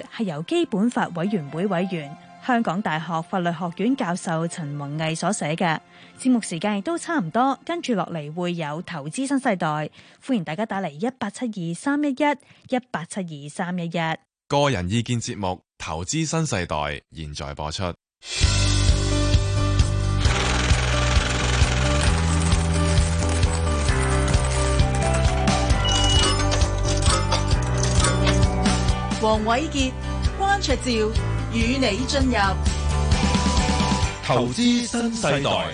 係由基本法委員會委員、香港大學法律學院教授陳弘毅所寫嘅。節目時間亦都差唔多，跟住落嚟會有投資新世代，歡迎大家打嚟一八七二三一一一八七二三一一。個人意見節目《投資新世代》現在播出。黃瑋傑、關焯照與你進入投資新世代。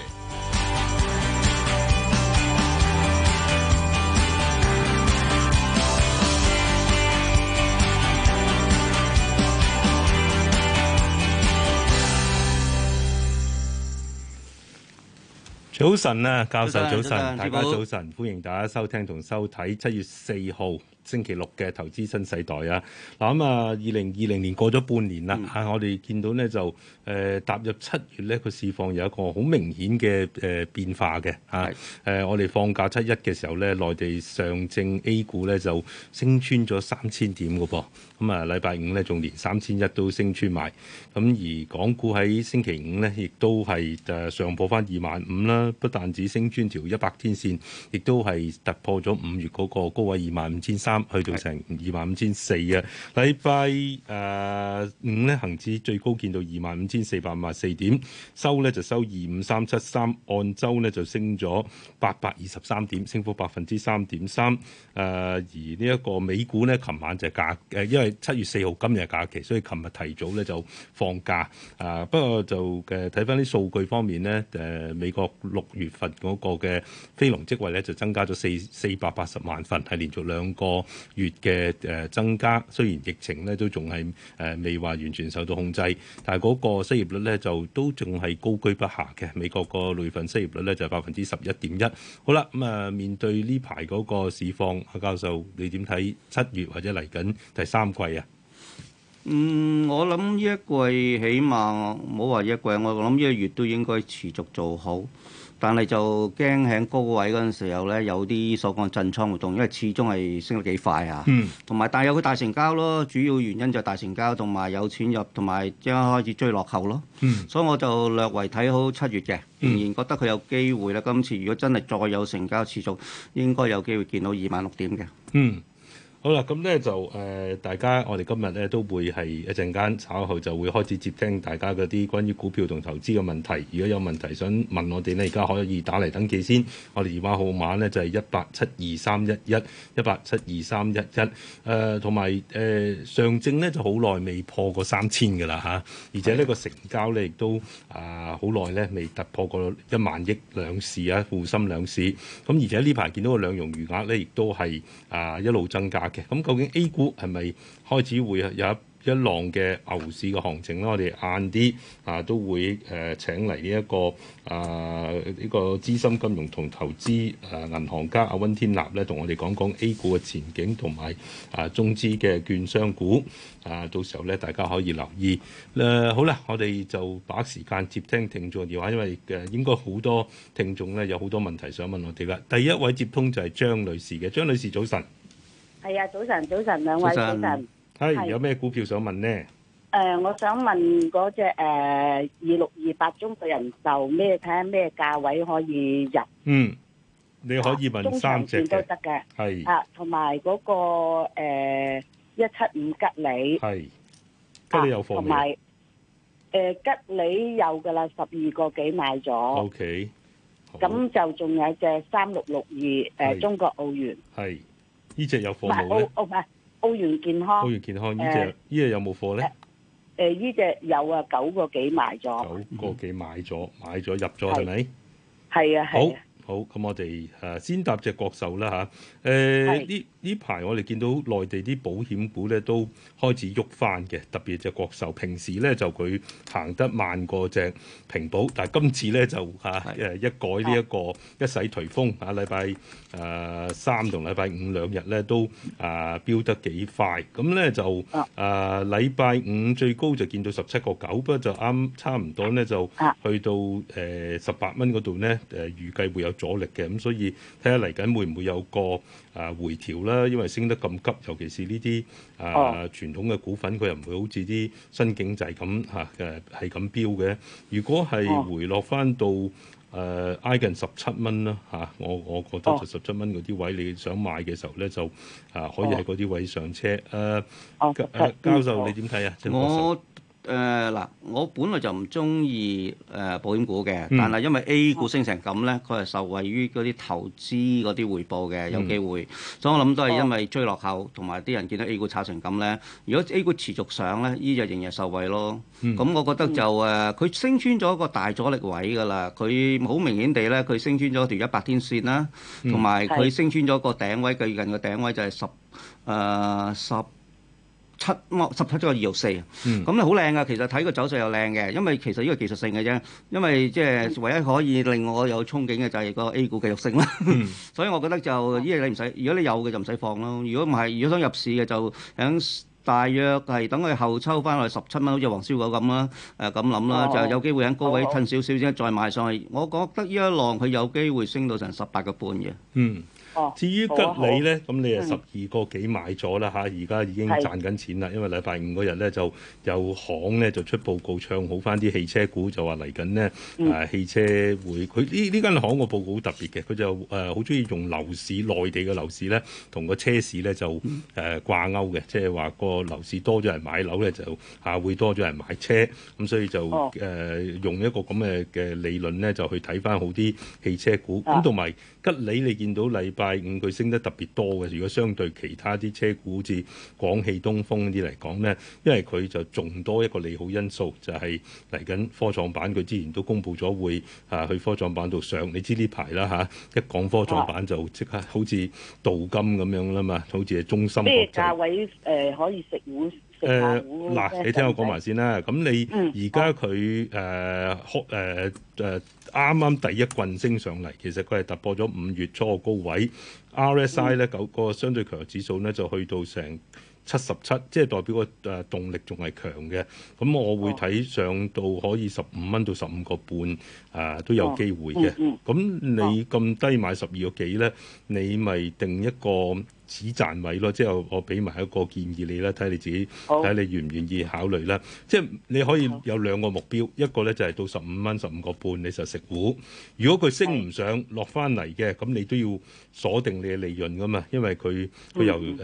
早晨啊，教授，早晨，早晨，大家早晨，歡迎大家收聽同收睇七月四號，星期六嘅投資新世代、嗯、啊！嗱咁啊，二零二零年過咗半年啦，我哋見到呢，就誒、呃、踏入七月呢，個市況有一個好明顯嘅誒變化嘅嚇誒。我哋放假七一嘅時候呢，內地上證 A 股呢就升穿咗三千點個噃，咁啊禮拜五呢，仲連三千一都升穿埋。咁而港股喺星期五呢，亦都係誒上破翻二萬五啦，不但止升穿條一百天線，亦都係突破咗五月嗰個高位二萬五千三， 去到成二萬五千四啊。禮拜誒五咧恒指最高見到二萬五千四百五十四點，收咧就收二五三七三，按周咧就升咗八百二十三點，升幅百分之三點三。誒、啊、而呢一個美股呢，琴晚就係假誒，因為七月四號今日係假期，所以琴日提早咧就放假。啊，不過就嘅睇翻啲數據方面、呃、呢，誒美國六月份嗰個嘅非農職位咧就增加咗四四百八十萬份，係連續兩個。月嘅，誒增加，雖然疫情咧都仲係誒未話完全受到控制，但係嗰個失業率咧就都仲係高居不下嘅。美國個累份失業率咧就係百分之十一點一。好啦，咁、嗯、啊面對呢排嗰個市況，阿教授你點睇七月或者嚟緊第三季啊？嗯，我諗呢一季起碼冇話一季，我諗呢一月都應該持續做好。但係就驚喺高位嗰陣時候呢，有啲所講震倉活動，因為始終係升得幾快啊。嗯。同埋，但有佢大成交咯，主要原因就係大成交，同埋有錢入，同埋即刻開始追落後咯。嗯。所以我就略為睇好七月嘅，仍然、嗯、覺得佢有機會啦。今次如果真係再有成交持續，應該有機會見到二萬六點嘅。嗯。好啦，咁咧就誒、呃，大家我哋今日咧都會係一陣間稍後就會開始接聽大家嗰啲關於股票同投資嘅問題。如果有問題想問我哋咧，而家可以打嚟登記先。我哋電話號碼咧就係一八七二三一一一八七二三一一，誒，同埋誒上證咧就好耐未破過三千㗎啦嚇，而且呢個的成交咧亦都啊好耐咧未突破過一萬億兩市啊，滬深兩市。咁而且呢排見到個兩融餘額咧亦都係啊一路增加。咁究竟 A 股係咪開始會有一一浪嘅牛市嘅行情咧？我哋晏啲啊都會誒請嚟呢一個啊呢、呢個資深金融同投資誒銀行家阿溫天納咧，同我哋講講 A 股嘅前景同埋啊中資嘅券商股啊，到時候咧大家可以留意。誒、啊、好啦，我哋就把時間接聽聽眾電話，因為誒應該好多聽眾咧有好多問題想問我哋啦。第一位接通就係張女士嘅，張女士早晨。係啊，早晨，早晨，兩位早晨。係有咩股票想問呢？誒，我想問嗰隻誒二六二八中國人壽咩？睇下咩價位可以入？嗯，你可以問三隻都得嘅，係啊，同埋嗰個誒一七五吉利，係吉利有貨嘅，同埋誒吉利有噶啦，十二個幾買咗。O K，咁就仲有隻三六六二誒中國奧園，係。呢隻有貨冇咧？唔係澳澳唔係澳元健康。澳元健康呢隻呢隻有冇貨咧？誒呢隻有啊九個幾買咗？九個幾買咗買咗入咗係咪？係啊係啊。好好咁我哋誒先答隻國壽啦嚇誒呢。呢排我哋見到內地啲保險股咧都開始喐翻嘅，特別隻國壽，平時咧就佢行得慢過隻平保，但係今次咧就啊誒一改呢一個一洗頹風啊，禮拜誒三同禮拜五兩日咧都啊飆得幾快，咁咧就啊禮拜五最高就見到十七個九，不過就啱差唔多咧就去到誒十八蚊嗰度咧誒預計會有阻力嘅，咁所以睇下嚟緊會唔會有個？啊，uh, 回調啦，因為升得咁急，尤其是呢啲啊傳統嘅股份，佢又唔會好似啲新經濟咁嚇嘅係咁飆嘅。如果係回落返到誒、uh, 挨近十七蚊啦嚇，uh, 我我覺得就十七蚊嗰啲位，uh。你想買嘅時候咧就啊可以喺嗰啲位上車誒。Uh, 教, uh, 教授你點睇啊？誒嗱，我本來就唔中意誒保險股嘅，但係因為 A 股升成咁咧，佢係受惠於嗰啲投資嗰啲回報嘅，有機會。所以我諗都係因為追落後，同埋啲人見到 A 股炒成咁咧。如果 A 股持續上咧，依就仍然受惠咯。咁我覺得就誒，佢升穿咗一個大阻力位㗎啦。佢好明顯地咧，佢升穿咗條一百天線啦，同埋佢升穿咗個頂位，最近嘅頂位就係十誒十七十七個二六四，咁你好靚呀，其實睇個走勢又靚嘅，因為其實呢個技術性嘅啫，因為即係唯一可以令我有憧憬嘅就係個 A 股繼續升啦，嗯、 所以我覺得就呢個你唔使，如果你有嘅就唔使放咯，如果唔係，如果想入市嘅就喺大約係等佢後抽翻落去十七蚊，好似黃燒狗咁、呃、啦，誒咁諗啦，就有機會喺高位褪少少先再買上去，我覺得呢一浪佢有機會升到成十八個半嘅。嗯至於吉利咧，咁你啊十二個幾買咗啦嚇，而家、嗯、已經賺緊錢啦。是因為禮拜五嗰日咧就有行咧就出報告唱好翻啲汽車股，就話嚟緊呢、嗯、啊汽車會佢呢呢間行個報告好特別嘅，佢就誒好鍾意用樓市內地嘅樓市咧同個車市咧就誒、呃、掛鈎嘅，即係話個樓市多咗人買樓咧就啊會多咗人買車，咁所以就誒、嗯嗯、用一個咁嘅嘅理論咧就去睇翻好啲汽車股，咁同埋。一禮，你見到禮拜五佢升得特別多嘅，如果相對其他啲車股好似廣汽東風啲嚟講咧，因為佢就仲多一個利好因素，就係嚟緊科創板佢之前都公布咗會啊去科創板度上。你知呢排啦嚇，一講科創板就即刻好似鍍金咁樣啦嘛，啊、好似係中心。即係價位誒、呃、可以食碗食碗嗱，你聽我講埋先啦，咁你而家佢誒開誒啱啱第一棍升上嚟，其實佢係突破咗五月初個高位，RSI 咧九、嗰個相對強弱指數咧就去到成七十七，即係代表個誒動力仲係強嘅。咁我會睇上到可以十五蚊到十五個半啊都有機會嘅。咁你咁低買十二個幾咧，你咪定一個止賺位咯，即係我我俾埋一個建議你啦，睇你自己睇好你願唔願意考慮啦。即係你可以有兩個目標，一個咧就係到十五蚊，十五個半你就食糊。如果佢升唔上落翻嚟嘅，咁你都要鎖定你嘅利潤㗎嘛，因為佢佢由誒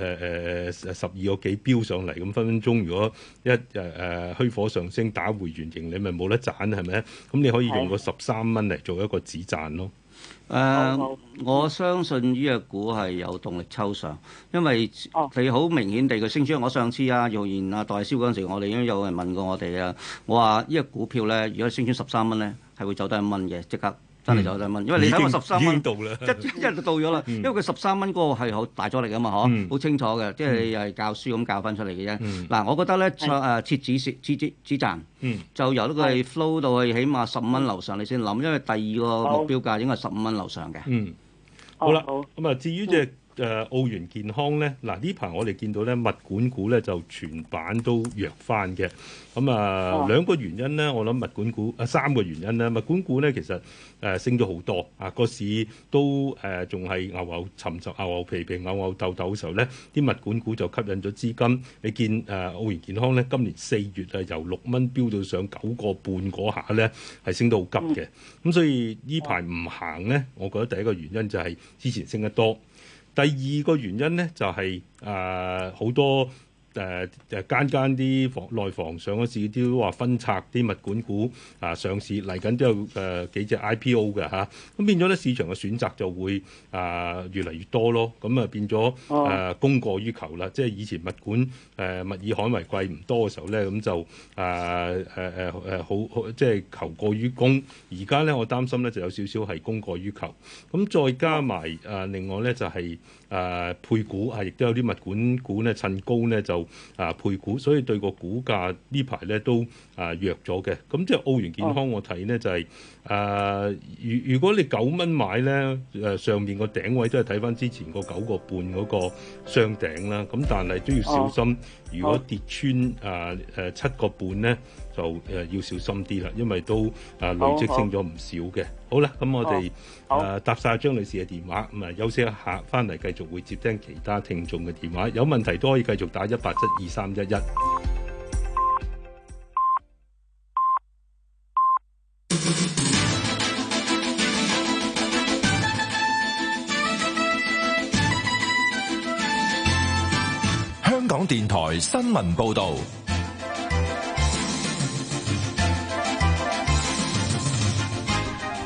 誒十二個幾飆上嚟，咁分分鐘如果一誒誒、呃、虛火上升打回原形，你咪冇得賺係咪？咁你可以用個十三蚊嚟做一個止賺咯。誒，uh, oh, oh. 我相信呢隻股係有動力抽上，因為你好明顯地佢升穿。我上次啊，容賢啊，代銷嗰陣時，我哋已經有人問過我哋啊，我話呢隻股票咧，如果升穿十三蚊咧，係會走低一蚊嘅，即刻。真係就兩蚊，嗯、因為你睇下十三蚊，到啦，一一日就到咗啦。因為佢十三蚊嗰個係好大阻力嘅嘛，嗬、嗯，好清楚嘅，嗯、即係又係教書咁教翻出嚟嘅啫。嗱、嗯嗯，我覺得咧，誒設止蝕止止止賺，嗯、就由呢個係 flow 到去起碼十五蚊樓上，你先諗，因為第二個目標價應該係十五蚊樓上嘅。好嗯，好啦，咁啊，至於只。誒、呃、澳元健康咧，嗱、啊、呢排我哋見到咧，物管股咧就全版都弱翻嘅。咁啊、哦、兩個原因咧，我諗物管股啊，三個原因咧，物管股咧其實誒、呃、升咗好多啊，個市都誒仲係牛牛沉沉牛牛皮皮牛牛鬥鬥嘅時候咧，啲物管股就吸引咗資金。你見誒、呃、澳元健康咧，今年四月啊由六蚊飆到上九個半嗰下咧，係升到好急嘅。咁、嗯嗯、所以呢排唔行咧，我覺得第一個原因就係之前升得多。第二個原因咧，就係誒好多。誒誒、呃、間間啲房內房上市啲都話分拆啲物管股啊、呃、上市嚟緊都有誒、呃、幾隻 IPO 嘅嚇，咁變咗咧市場嘅選擇就會啊、呃、越嚟越多咯，咁啊變咗誒、呃、供過於求啦，即係以前物管誒、呃、物以罕為貴唔多嘅時候咧，咁就啊誒誒誒好好即係求過於供，而家咧我擔心咧就有少少係供過於求，咁再加埋誒、呃、另外咧就係、是、誒、呃、配股係亦都有啲物管股咧趁高咧就。啊配股，所以對個股價呢排咧都啊弱咗嘅，咁即係澳元健康、oh. 我睇咧就係、是、誒，如、呃、如果你九蚊買咧誒、呃，上面個頂位都係睇翻之前個九個半嗰個雙頂啦，咁但係都要小心，oh. Oh. 如果跌穿誒誒七個半咧。呃呃就誒要小心啲啦，因為都啊累積升咗唔少嘅。好啦，咁我哋誒好、啊、搭晒張女士嘅電話，咁、嗯、啊休息一下，翻嚟繼續會接聽其他聽眾嘅電話。有問題都可以繼續打一八七二三一一。香港電台新聞報導。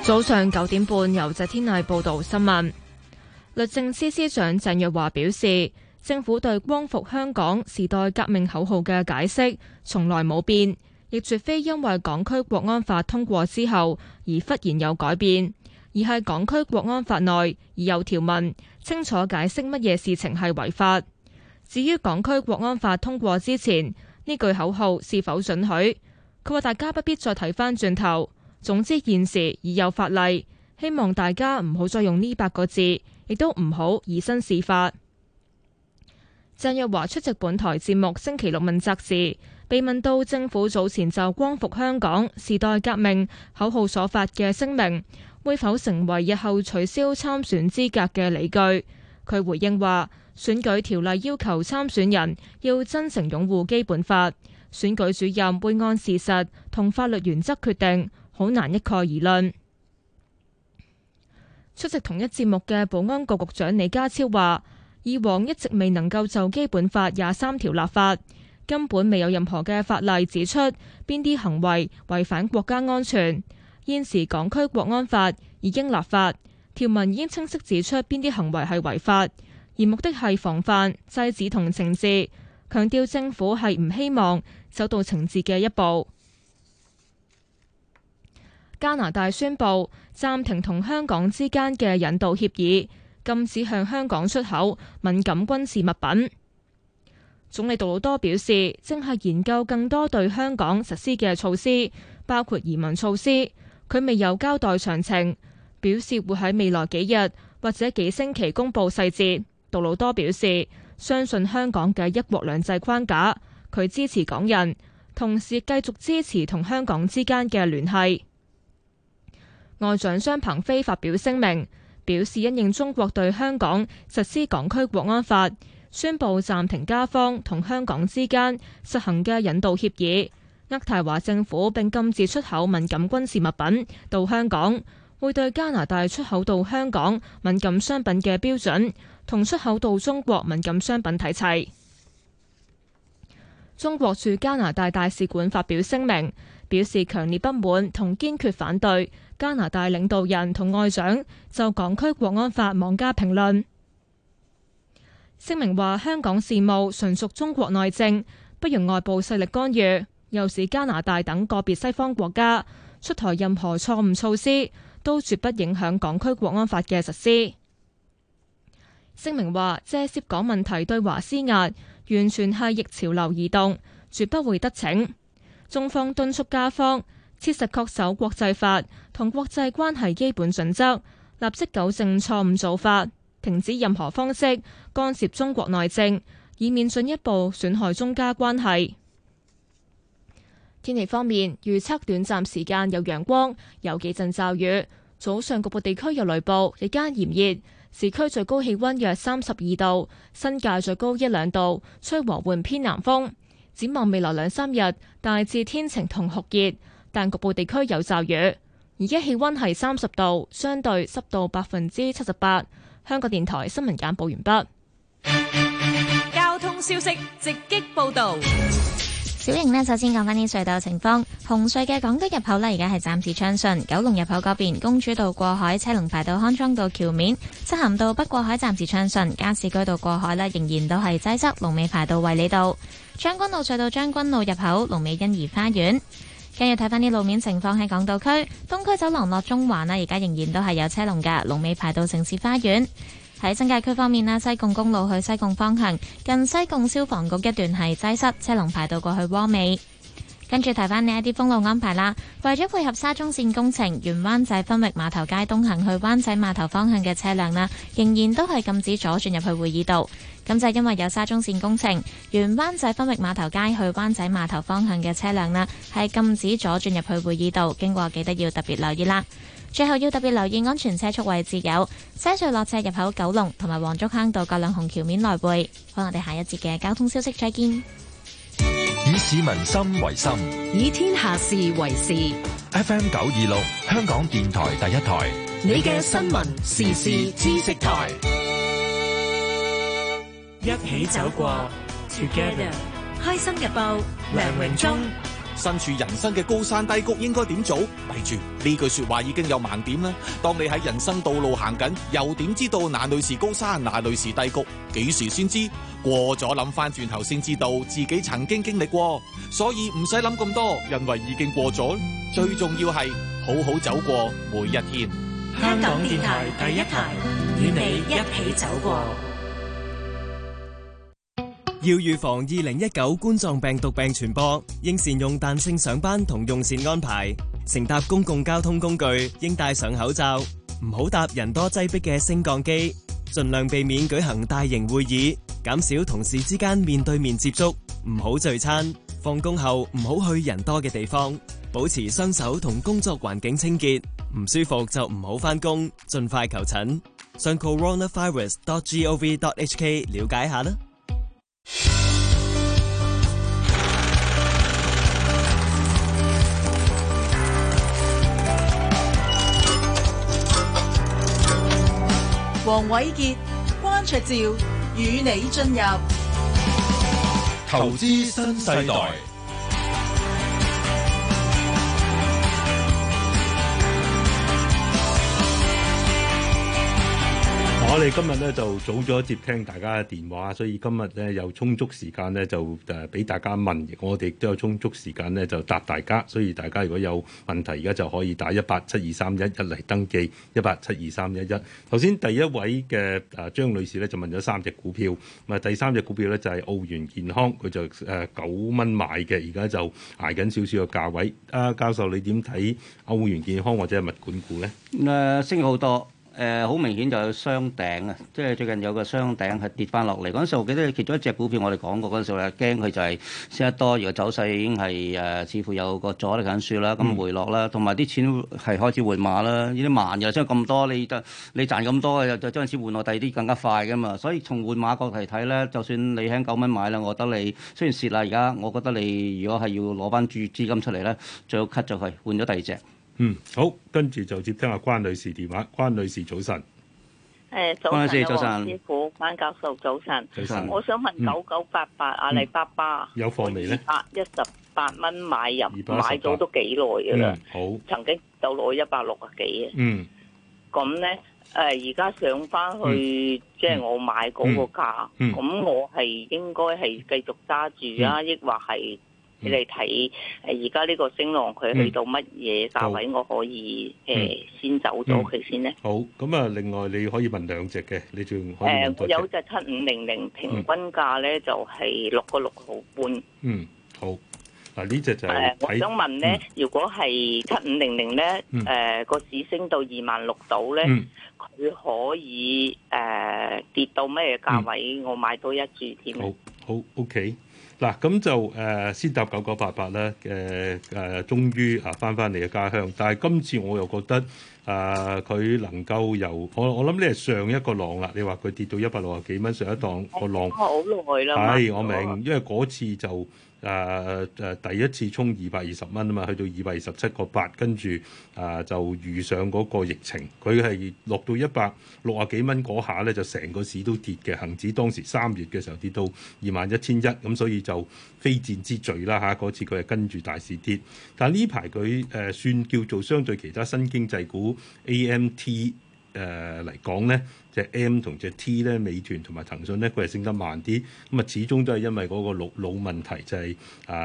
早上九點半，由謝天麗報道新聞。律政司司長鄭若驊表示，政府對光復香港時代革命口號嘅解釋從來冇變，亦絕非因為港區國安法通過之後而忽然有改變，而係港區國安法內已有條文清楚解釋乜嘢事情係違法。至於港區國安法通過之前，呢句口號是否准許，佢話大家不必再睇翻轉頭。總之，現時已有法例，希望大家唔好再用呢八個字，亦都唔好以身試法。鄭若驊出席本台節目《星期六問責》時，被問到政府早前就光復香港、時代革命口號所發嘅聲明，會否成為日後取消參選資格嘅理據？佢回應話，選舉條例要求參選人要真誠擁護基本法，選舉主任會按事實同法律原則決定。好難一概而論。出席同一節目嘅保安局局長李家超話，以往一直未能夠就基本法廿三條立法，根本未有任何嘅法例指出邊啲行為違反國家安全。現時港區國安法已經立法，條文已經清晰指出邊啲行為係違法，而目的係防範、制止同懲治，強調政府係唔希望走到懲治嘅一步。加拿大宣布暫停同香港之間嘅引渡協議，禁止向香港出口敏感軍事物品。總理杜魯多表示，正係研究更多對香港實施嘅措施，包括移民措施。佢未有交代詳情，表示會喺未來幾日或者幾星期公布細節。杜魯多表示，相信香港嘅一國兩制框架，佢支持港人，同時繼續支持同香港之間嘅聯繫。外長商鵬飛發表聲明，表示因應中國對香港實施港區國安法，宣布暫停加方同香港之間實行嘅引渡協議，渥太華政府並禁止出口敏感軍事物品到香港，會對加拿大出口到香港敏感商品嘅標準同出口到中國敏感商品看齊。中國駐加拿大大使館發表聲明，表示強烈不滿同堅決反對。加拿大領導人同外長就港區國安法妄加評論，聲明話香港事務純屬中國內政，不容外部勢力干預。又是加拿大等個別西方國家出台任何錯誤措施，都絕不影響港區國安法嘅實施。聲明話借涉港問題對華施壓，完全係逆潮流而動，絕不會得逞。中方敦促加方切實恪守國際法，同國際關係基本準則，立即糾正錯誤做法，停止任何方式干涉中國內政，以免進一步損害中加關係。天氣方面，預測短暫時間有陽光，有幾陣驟雨。早上局部地區有雷暴，日間炎熱，市區最高氣溫約三十二度，新界最高一兩度，吹和緩偏南風。展望未來兩三日，大致天晴同酷熱，但局部地區有驟雨。而家氣溫係三十度，相對濕度百分之七十八。香港電台新聞簡報完畢。交通消息直擊報道。小瑩呢，首先講翻啲隧道情況。紅隧嘅港島入口呢，而家係暫時暢順。九龍入口嗰邊，公主道過海車龍排到康莊道橋面。漆咸道北過海暫時暢順。加士居道過海呢，仍然都係擠塞，龍尾排到衛理道。將軍路隧道將軍路入口，龍尾欣怡花園。跟住睇翻啲路面情況，喺港島區東區走廊落中環啦，而家仍然都係有車龍㗎，龍尾排到城市花園。喺新界區方面啦，西貢公路去西貢方向近西貢消防局一段係擠塞，車龍排到過去窩美。跟住提翻呢一啲封路安排啦，為咗配合沙中線工程，沿灣仔分域碼頭街東行去灣仔碼頭方向嘅車輛呢，仍然都係禁止左轉入去會議道。咁就因為有沙中線工程，沿灣仔分域碼頭街去灣仔碼頭方向嘅車輛呢，係禁止左轉入去會議道，經過記得要特別留意啦。最後要特別留意安全車速位置有西隧落斜入口、九龍同埋黃竹坑道各兩孔橋面來回。好，我哋下一節嘅交通消息再見。以市民心為心，嗯、以天下事為事。FM 九二六，香港電台第一台，你嘅新聞時事知識台，一起走過，Together，開心日報，梁榮忠。身處人生嘅高山低谷，應該點做？記住呢句說話已經有盲點啦。當你喺人生道路行緊，又點知道哪裡是高山，哪裡是低谷？幾時先知？過咗諗翻轉頭，先知道自己曾經經歷過。所以唔使諗咁多，認為已經過咗。最重要係好好走過每一天。香港電台第一台，與你一起走過。要預防二零一九冠狀病毒病傳播，應善用彈性上班同用膳安排；乘搭公共交通工具應戴上口罩，唔好搭人多擠迫嘅升降機；盡量避免舉行大型會議，減少同事之間面對面接觸；唔好聚餐，放工後唔好去人多嘅地方；保持雙手同工作環境清潔；唔舒服就唔好返工，盡快求診。上 coronavirus.gov.hk 了解下啦。黃偉傑、關焯照與你進入投資新世代。我哋今日咧就早咗接聽大家嘅電話，所以今日咧有充足時間咧就誒俾大家問，我哋都有充足時間咧就答大家。所以大家如果有問題，而家就可以打一八七二三一一嚟登記，一八七二三一一。頭先第一位嘅誒張女士咧就問咗三隻股票，咁啊第三隻股票咧就係澳元健康，佢就誒九蚊買嘅，而家就捱緊少少嘅價位。阿教授你點睇澳元健康或者係物管股咧？誒、啊，升好多。誒好、呃、明顯就有雙頂啊！即係最近有個雙頂係跌翻落嚟嗰陣時，我記得其中一隻股票我哋講過嗰陣時候，我係驚佢就係升得多，如果走勢已經係誒、呃、似乎有個阻力緊説啦，咁回落啦，同埋啲錢係開始換馬啦，呢啲慢又升咁多，你就你賺咁多又再將錢換落第二啲更加快噶嘛，所以從換馬角度嚟睇咧，就算你喺九蚊買啦，我覺得你雖然蝕啦，而家我覺得你如果係要攞翻注資金出嚟咧，最好 cut 咗佢，換咗第二隻。嗯，好，跟住就接聽阿關女士電話。關女士早晨，誒，早晨，黃師傅，關教授早晨，早晨，我想問九九八八阿里巴巴有貨未咧？二百一十八蚊買入，買咗都幾耐噶啦？好，曾經到落去一百六十幾啊？嗯，咁咧誒，而家上翻去，即係我買嗰個價，咁我係應該係繼續揸住啊？抑或係？你嚟睇誒而家呢個升浪，佢去到乜嘢價位我可以誒先走咗佢先咧？好咁啊！另外你可以問兩隻嘅，你仲誒有隻七五零零平均價咧就係六個六毫半。嗯，好嗱，呢隻就係。我想問咧，如果係七五零零咧，誒個市升到二萬六度咧，佢可以誒跌到咩價位我買到一注添？好，好，OK。嗱，咁就誒、呃、先搭九九八八咧，誒誒終於啊翻翻嚟嘅家鄉，但係今次我又覺得啊佢、呃、能夠由我我諗呢係上一個浪啦，你話佢跌到一百六十幾蚊上一檔個浪，好耐啦，係、啊、我明，因為嗰次就。誒誒、呃，第一次衝二百二十蚊啊嘛，去到二百二十七個八，跟住啊、呃、就遇上嗰個疫情，佢係落到一百六啊幾蚊嗰下咧，就成個市都跌嘅，恒指當時三月嘅時候跌到二萬一千一，咁所以就非戰之罪啦嚇，嗰、啊、次佢係跟住大市跌，但係呢排佢誒算叫做相對其他新經濟股 AMT。AM T, 誒嚟講咧，隻、呃就是、M 同隻 T 咧，美團同埋騰訊咧，佢係升得慢啲，咁啊始終都係因為嗰個老老問題就係啊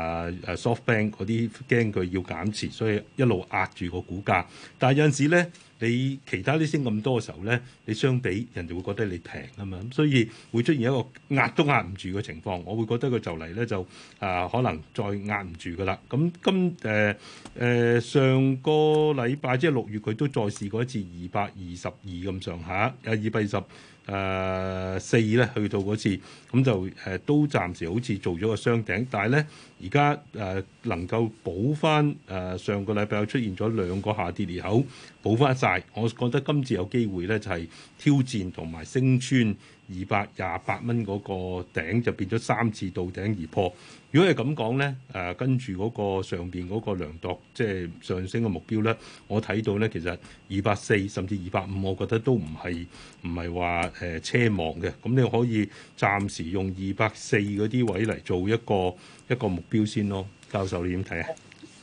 啊 soft bank 嗰啲驚佢要減持，所以一路壓住個股價，但係有陣時咧。你其他啲升咁多嘅時候咧，你相比人哋會覺得你平啊嘛，咁所以會出現一個壓都壓唔住嘅情況。我會覺得佢就嚟咧就啊，可能再壓唔住㗎喇。咁、嗯、今誒誒、呃呃、上個禮拜即係六月，佢都再試過一次二百二十二咁上下，啊二百二十，誒四咧去到嗰次，咁就誒都、呃、暫時好似做咗個雙頂，但係咧而家誒能夠補翻誒、呃、上個禮拜出現咗兩個下跌裂口，補翻晒。我覺得今次有機會咧就係、是、挑戰同埋升穿。二百廿八蚊嗰個頂就變咗三次到頂而破。如果係咁講呢，誒、呃、跟住嗰個上邊嗰個量度，即、就、係、是、上升嘅目標呢，我睇到呢，其實二百四甚至二百五，我覺得都唔係唔係話誒奢望嘅。咁、呃、你可以暫時用二百四嗰啲位嚟做一個一個目標先咯。教授你點睇啊？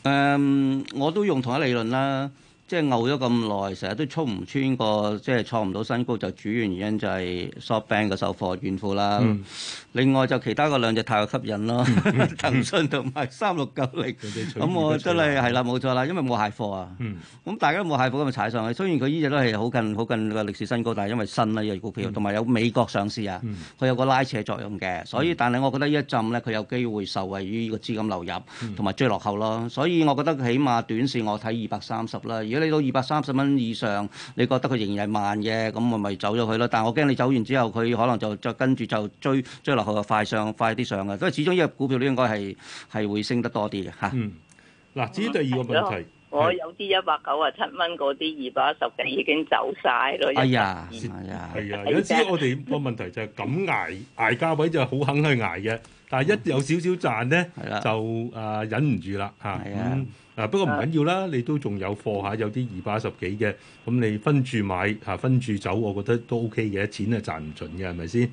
誒，um, 我都用同一理論啦。即係熬咗咁耐，成日都衝唔穿個，即係創唔到新高，就主要原因就係 short band 嘅售貨怨婦啦。嗯。另外就其他有兩個兩隻太吸引咯，嗯、 騰訊同埋三六九零，咁我真係係啦，冇、嗯、錯啦，因為冇蟹貨啊。咁、嗯、大家都冇蟹貨咁咪踩上去。雖然佢依隻都係好近好近嘅歷史新高，但係因為新啦，呢隻股票同埋、嗯、有美國上市啊，佢、嗯、有個拉扯作用嘅。所以、嗯、但係我覺得呢一浸咧，佢有機會受惠於呢個資金流入同埋、嗯、追落後咯。所以我覺得起碼短線我睇二百三十啦。如果你到二百三十蚊以上，你覺得佢仍然係慢嘅，咁我咪走咗佢咯。但係我驚你走完之後，佢可能就再跟住就追追落。快上快啲上嘅，所以始終呢隻股票都應該係係會升得多啲嘅吓。嗱，至於第二個問題，我有啲一百九啊七蚊嗰啲二百一十幾嘅已經走晒咯、哎。哎呀，係啊， 有啲我哋個問題就係咁挨挨價位就好肯去挨嘅，但係一有少少賺咧的就誒忍唔住啦吓。咁、呃、啊不過唔緊要啦，你都仲有貨下有啲二百一十幾嘅，咁你分住買吓、啊，分住走，我覺得都 OK 嘅，錢係賺唔盡嘅，係咪先？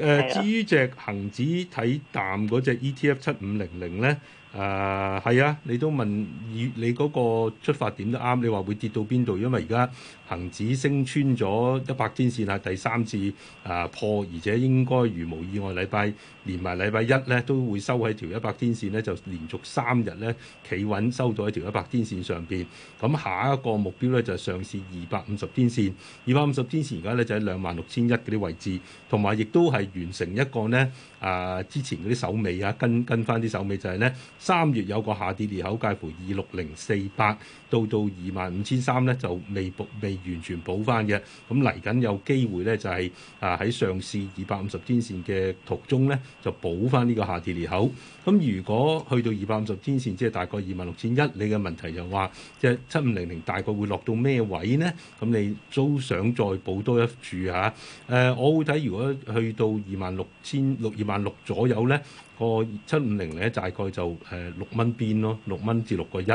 誒，uh, 啊、至於隻恒指睇淡嗰隻 ETF 七五零零咧，誒、uh, 係啊，你都問，以你你嗰個出發點都啱，你話會跌到邊度？因為而家恒指升穿咗一百天線係第三次啊破，而且應該如無意外禮拜。連埋禮拜一咧都會收喺條一百天線咧，就連續三日咧企穩收咗喺條一百天線上邊。咁、嗯、下一個目標咧就係、上試二百五十天線，二百五十天線而家咧就喺兩萬六千一嗰啲位置，同埋亦都係完成一個呢啊之前嗰啲手尾啊，跟跟翻啲手尾就係咧三月有個下跌裂口，介乎二六零四八到到二萬五千三咧就未未完全補翻嘅。咁嚟緊有機會咧就係、是、啊喺上試二百五十天線嘅途中咧。就補翻呢個下跌裂口。咁如果去到二百五十天線，即係大概二萬六千一，你嘅問題就話，即係七五零零大概會落到咩位呢？咁你都想再補多一注嚇？誒、呃，我會睇如果去到二萬六千六二萬六左右呢，那個七五零零大概就誒六蚊邊咯，六蚊至六個一。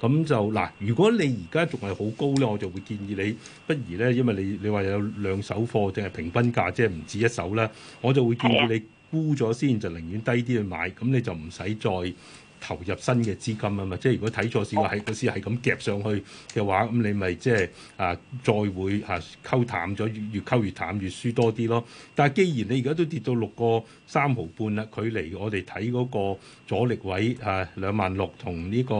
咁就嗱，如果你而家仲係好高呢，我就會建議你，不如呢，因為你你話有兩手貨，定係平均價，即係唔止一手啦，我就會建議你。沽咗先就寧願低啲去買，咁你就唔使再投入新嘅資金啊嘛！即係如果睇錯市，話喺個市係咁夾上去嘅話，咁你咪即係啊再會啊溝淡咗，越溝越淡越輸多啲咯。但係既然你而家都跌到六個三毫半啦，距離我哋睇嗰個阻力位啊兩萬六同呢個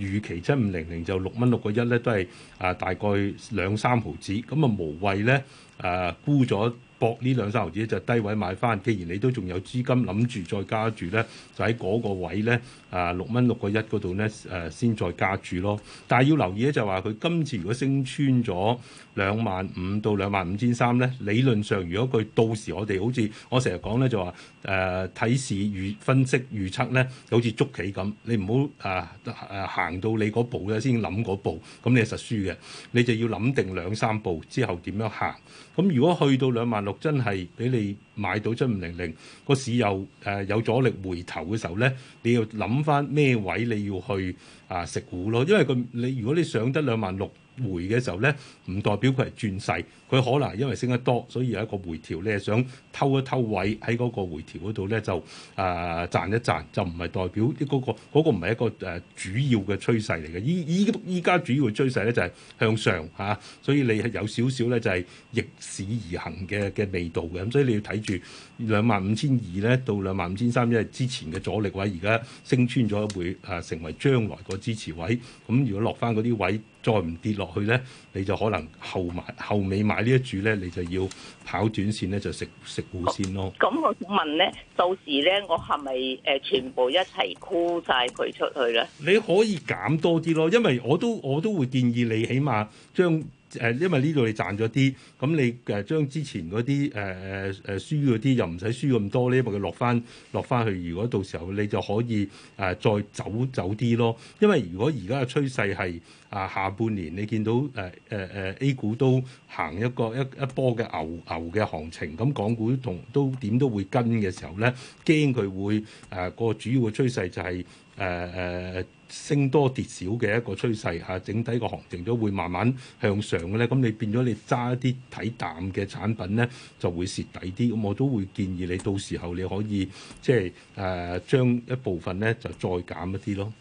預期七五零零就六蚊六個一咧，都係啊大概兩三毫子，咁啊無謂咧啊沽咗。呢兩三毫紙就低位買翻，既然你都仲有資金諗住再加住咧，就喺嗰個位咧，啊六蚊六個一嗰度咧，誒、呃、先再加住咯。但係要留意咧，就話佢今次如果升穿咗兩萬五到兩萬五千三咧，理論上如果佢到時我哋好似我成日講咧，就話誒睇市預分析預測咧，好似捉棋咁，你唔好誒誒行到你嗰步咧先諗嗰步，咁你係實輸嘅。你就要諗定兩三步之後點樣行。咁如果去到兩萬六，真係俾你買到真五零零個市又誒、呃、有阻力回頭嘅時候咧，你要諗翻咩位你要去啊食股咯，因為佢你如果你上得兩萬六回嘅時候咧，唔代表佢係轉勢。佢可能因為升得多，所以有一個回調咧，想偷一偷位喺嗰個回調嗰度咧就誒賺、呃、一賺就唔係代表啲、嗰個、嗰個嗰唔係一個誒、呃、主要嘅趨勢嚟嘅。依依依家主要嘅趨勢咧就係向上吓、啊。所以你係有少少咧就係逆市而行嘅嘅味道嘅。咁所以你要睇住兩萬五千二咧到兩萬五千三，因為之前嘅阻力位而家升穿咗，會、呃、誒成為將來個支持位。咁如果落翻嗰啲位再唔跌落去咧，你就可能後埋後尾買。一呢一注咧，你就要跑短線咧，就食食糊先咯。咁、哦、我問咧，到時咧，我係咪誒全部一齊沽晒佢出去咧？你可以減多啲咯，因為我都我都會建議你，起碼將。誒，因為呢度你賺咗啲，咁你誒將之前嗰啲誒誒誒輸嗰啲又唔使輸咁多咧，咪落翻落翻去。如果到時候你就可以誒、呃、再走走啲咯。因為如果而家嘅趨勢係啊下半年，你見到誒誒誒 A 股都行一個一一波嘅牛牛嘅行情，咁港股同都點都，都會跟嘅時候咧，驚佢會誒、呃、個主要嘅趨勢就係誒誒。呃呃升多跌少嘅一個趨勢嚇，整體個行情都會慢慢向上嘅咧。咁你變咗你揸啲睇淡嘅產品咧，就會蝕底啲。咁我都會建議你到時候你可以即係誒將一部分咧就再減一啲咯。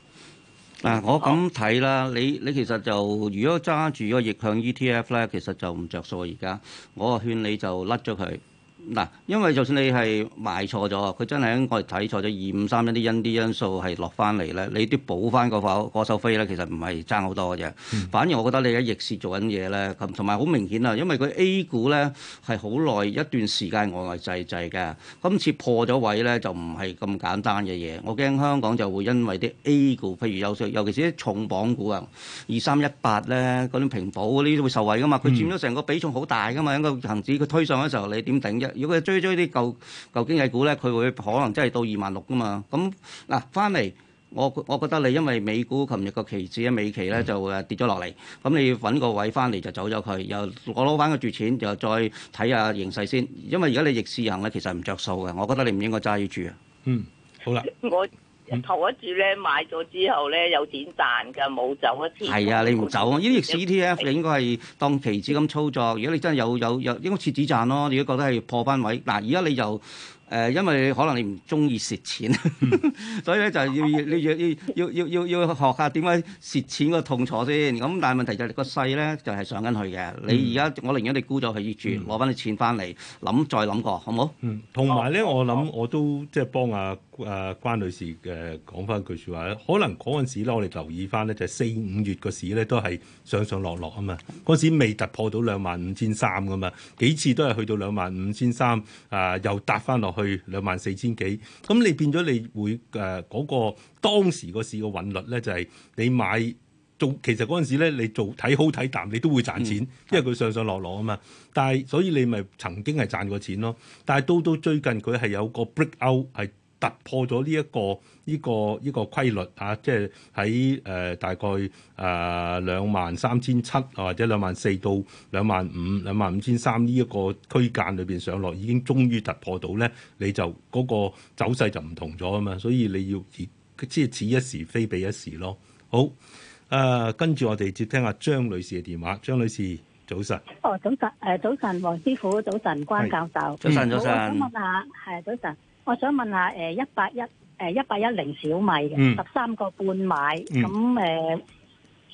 嗱、啊，我咁睇啦，好你你其實就如果揸住個逆向 ETF 咧，其實就唔着數。而家我勸你就甩咗佢。嗱，因為就算你係買錯咗，佢真係應該係睇錯咗二五三一啲因啲因素係落翻嚟咧，你都補翻個否個手飛咧，其實唔係爭好多嘅啫。反而我覺得你喺逆市做緊嘢咧，同同埋好明顯啊，因為佢 A 股咧係好耐一段時間外外滯滯嘅，今次破咗位咧就唔係咁簡單嘅嘢。我驚香港就會因為啲 A 股譬如有衰，尤其是啲重磅股啊，二三一八咧嗰啲平保嗰啲會受惠噶嘛。佢佔咗成個比重好大噶嘛，喺個恆指佢推上嘅時候，你點頂啫？如果佢追追啲舊舊經濟股咧，佢會可能真係到二萬六㗎嘛。咁嗱，翻、啊、嚟我我覺得你因為美股琴日個期指啊美期咧就誒跌咗落嚟，咁你要揾個位翻嚟就走咗佢，又攞攞翻個注錢，就再睇下形勢先。因為而家你逆市行咧，其實唔着數嘅。我覺得你唔應該揸住注啊。嗯，好啦。我投一注咧，買咗之後咧有錢賺嘅，冇走一次。係啊，你唔走啊！呢啲 E T F 你應該係當期指咁操作。如果你真係有有有應該蝕錢賺咯。如果你覺得係破翻位，嗱，而家你就誒，因為可能你唔中意蝕錢，所以咧就係要要要要要要學下點解蝕錢個痛楚先。咁但係問題就係個勢咧就係上緊去嘅。你而家我寧願你沽咗佢要注攞翻啲錢翻嚟諗再諗過，好唔好？嗯，同埋咧，我諗我都即係幫啊。誒、呃、關女士嘅，呃、講翻一句説話，可能嗰陣時咧，我哋留意翻咧，就係四五月個市咧都係上上落落啊嘛。嗰陣時未突破到兩萬五千三噶嘛，幾次都係去到兩萬五千三，誒又搭翻落去兩萬四千幾。咁你變咗你會誒嗰、呃那個當時個市個韻律咧，就係、是、你買做其實嗰陣時咧，你做睇好睇淡你都會賺錢，嗯、因為佢上上落落啊嘛。但係所以你咪曾經係賺過錢咯。但係都都最近佢係有個 breakout 係。突破咗呢一個呢、這個呢、這個規律嚇、啊，即係喺誒大概誒兩萬三千七或者兩萬四到兩萬五兩萬五千三呢一個區間裏邊上落，已經終於突破到咧，你就嗰、那個走勢就唔同咗啊嘛，所以你要即係此一時非彼一時咯。好，誒跟住我哋接聽阿張女士嘅電話，張女士早晨。哦，早晨，誒、呃、早晨，黃師傅早晨，關教授。是早晨，早晨。好，我想問下，係早晨。我想問下，誒、呃，一八一，誒，一八一零小米嘅十三個半買，咁誒、嗯呃、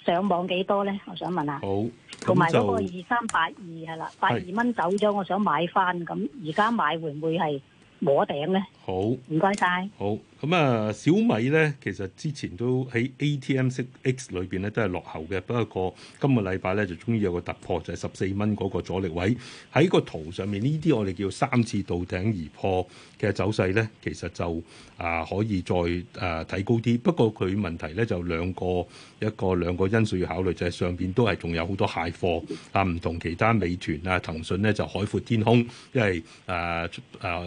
上網幾多咧？我想問下。好。同埋嗰個二三八二係啦，八二蚊走咗，是我想買翻，咁而家買會唔會係摸頂咧？好，唔該晒。好。咁啊，小米咧，其實之前都喺 ATMX 裏邊咧都係落後嘅，不過今個禮拜咧就終於有個突破，就係十四蚊嗰個阻力位，喺個圖上面。呢啲，我哋叫三次到頂而破嘅走勢咧，其實就啊可以再誒睇，啊、高啲。不過佢問題咧就兩個一個兩個因素要考慮，就係、是、上邊都係仲有好多蟹貨啊，唔同其他美團啊、騰訊咧就海闊天空，因為誒誒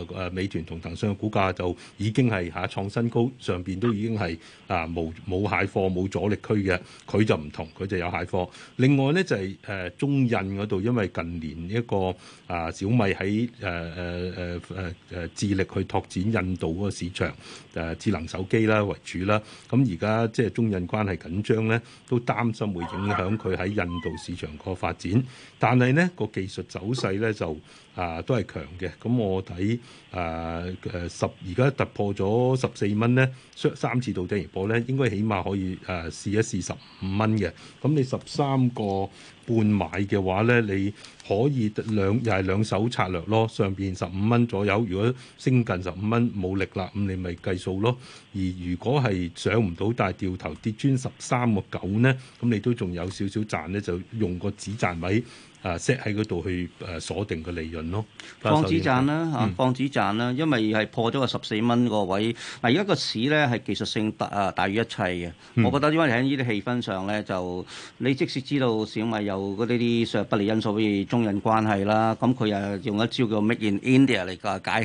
誒美團同騰訊嘅股價就已經係下。啊創新高，上邊都已經係啊冇冇蟹貨，冇阻力區嘅，佢就唔同，佢就有蟹貨。另外咧就係、係、誒、呃、中印嗰度，因為近年一個啊小米喺誒誒誒誒誒致力去拓展印度個市場誒、啊、智能手機啦為主啦。咁而家即係中印關係緊張咧，都擔心會影響佢喺印度市場個發展。但係呢、呢個技術走勢咧就。啊，都係強嘅。咁我睇啊，誒十而家突破咗十四蚊咧，三次倒跌而播咧，應該起碼可以誒、啊、試一試十五蚊嘅。咁你十三個半買嘅話咧，你可以兩又係兩手策略咯。上邊十五蚊左右，如果升近十五蚊冇力啦，咁你咪計數咯。而如果係上唔到，但係掉頭跌穿十三個九咧，咁你都仲有少少賺咧，就用個止賺位。啊 set 喺嗰度去誒鎖定個利潤咯，放止賺啦嚇，放止、嗯、賺啦，因為係破咗個十四蚊個位。嗱，而家個市咧係技術性大啊大於一切嘅。嗯、我覺得因為喺呢啲氣氛上咧，就你即使知道小米有嗰啲啲不利因素，譬如中印關係啦，咁佢又用一招叫 Made in India 嚟解解，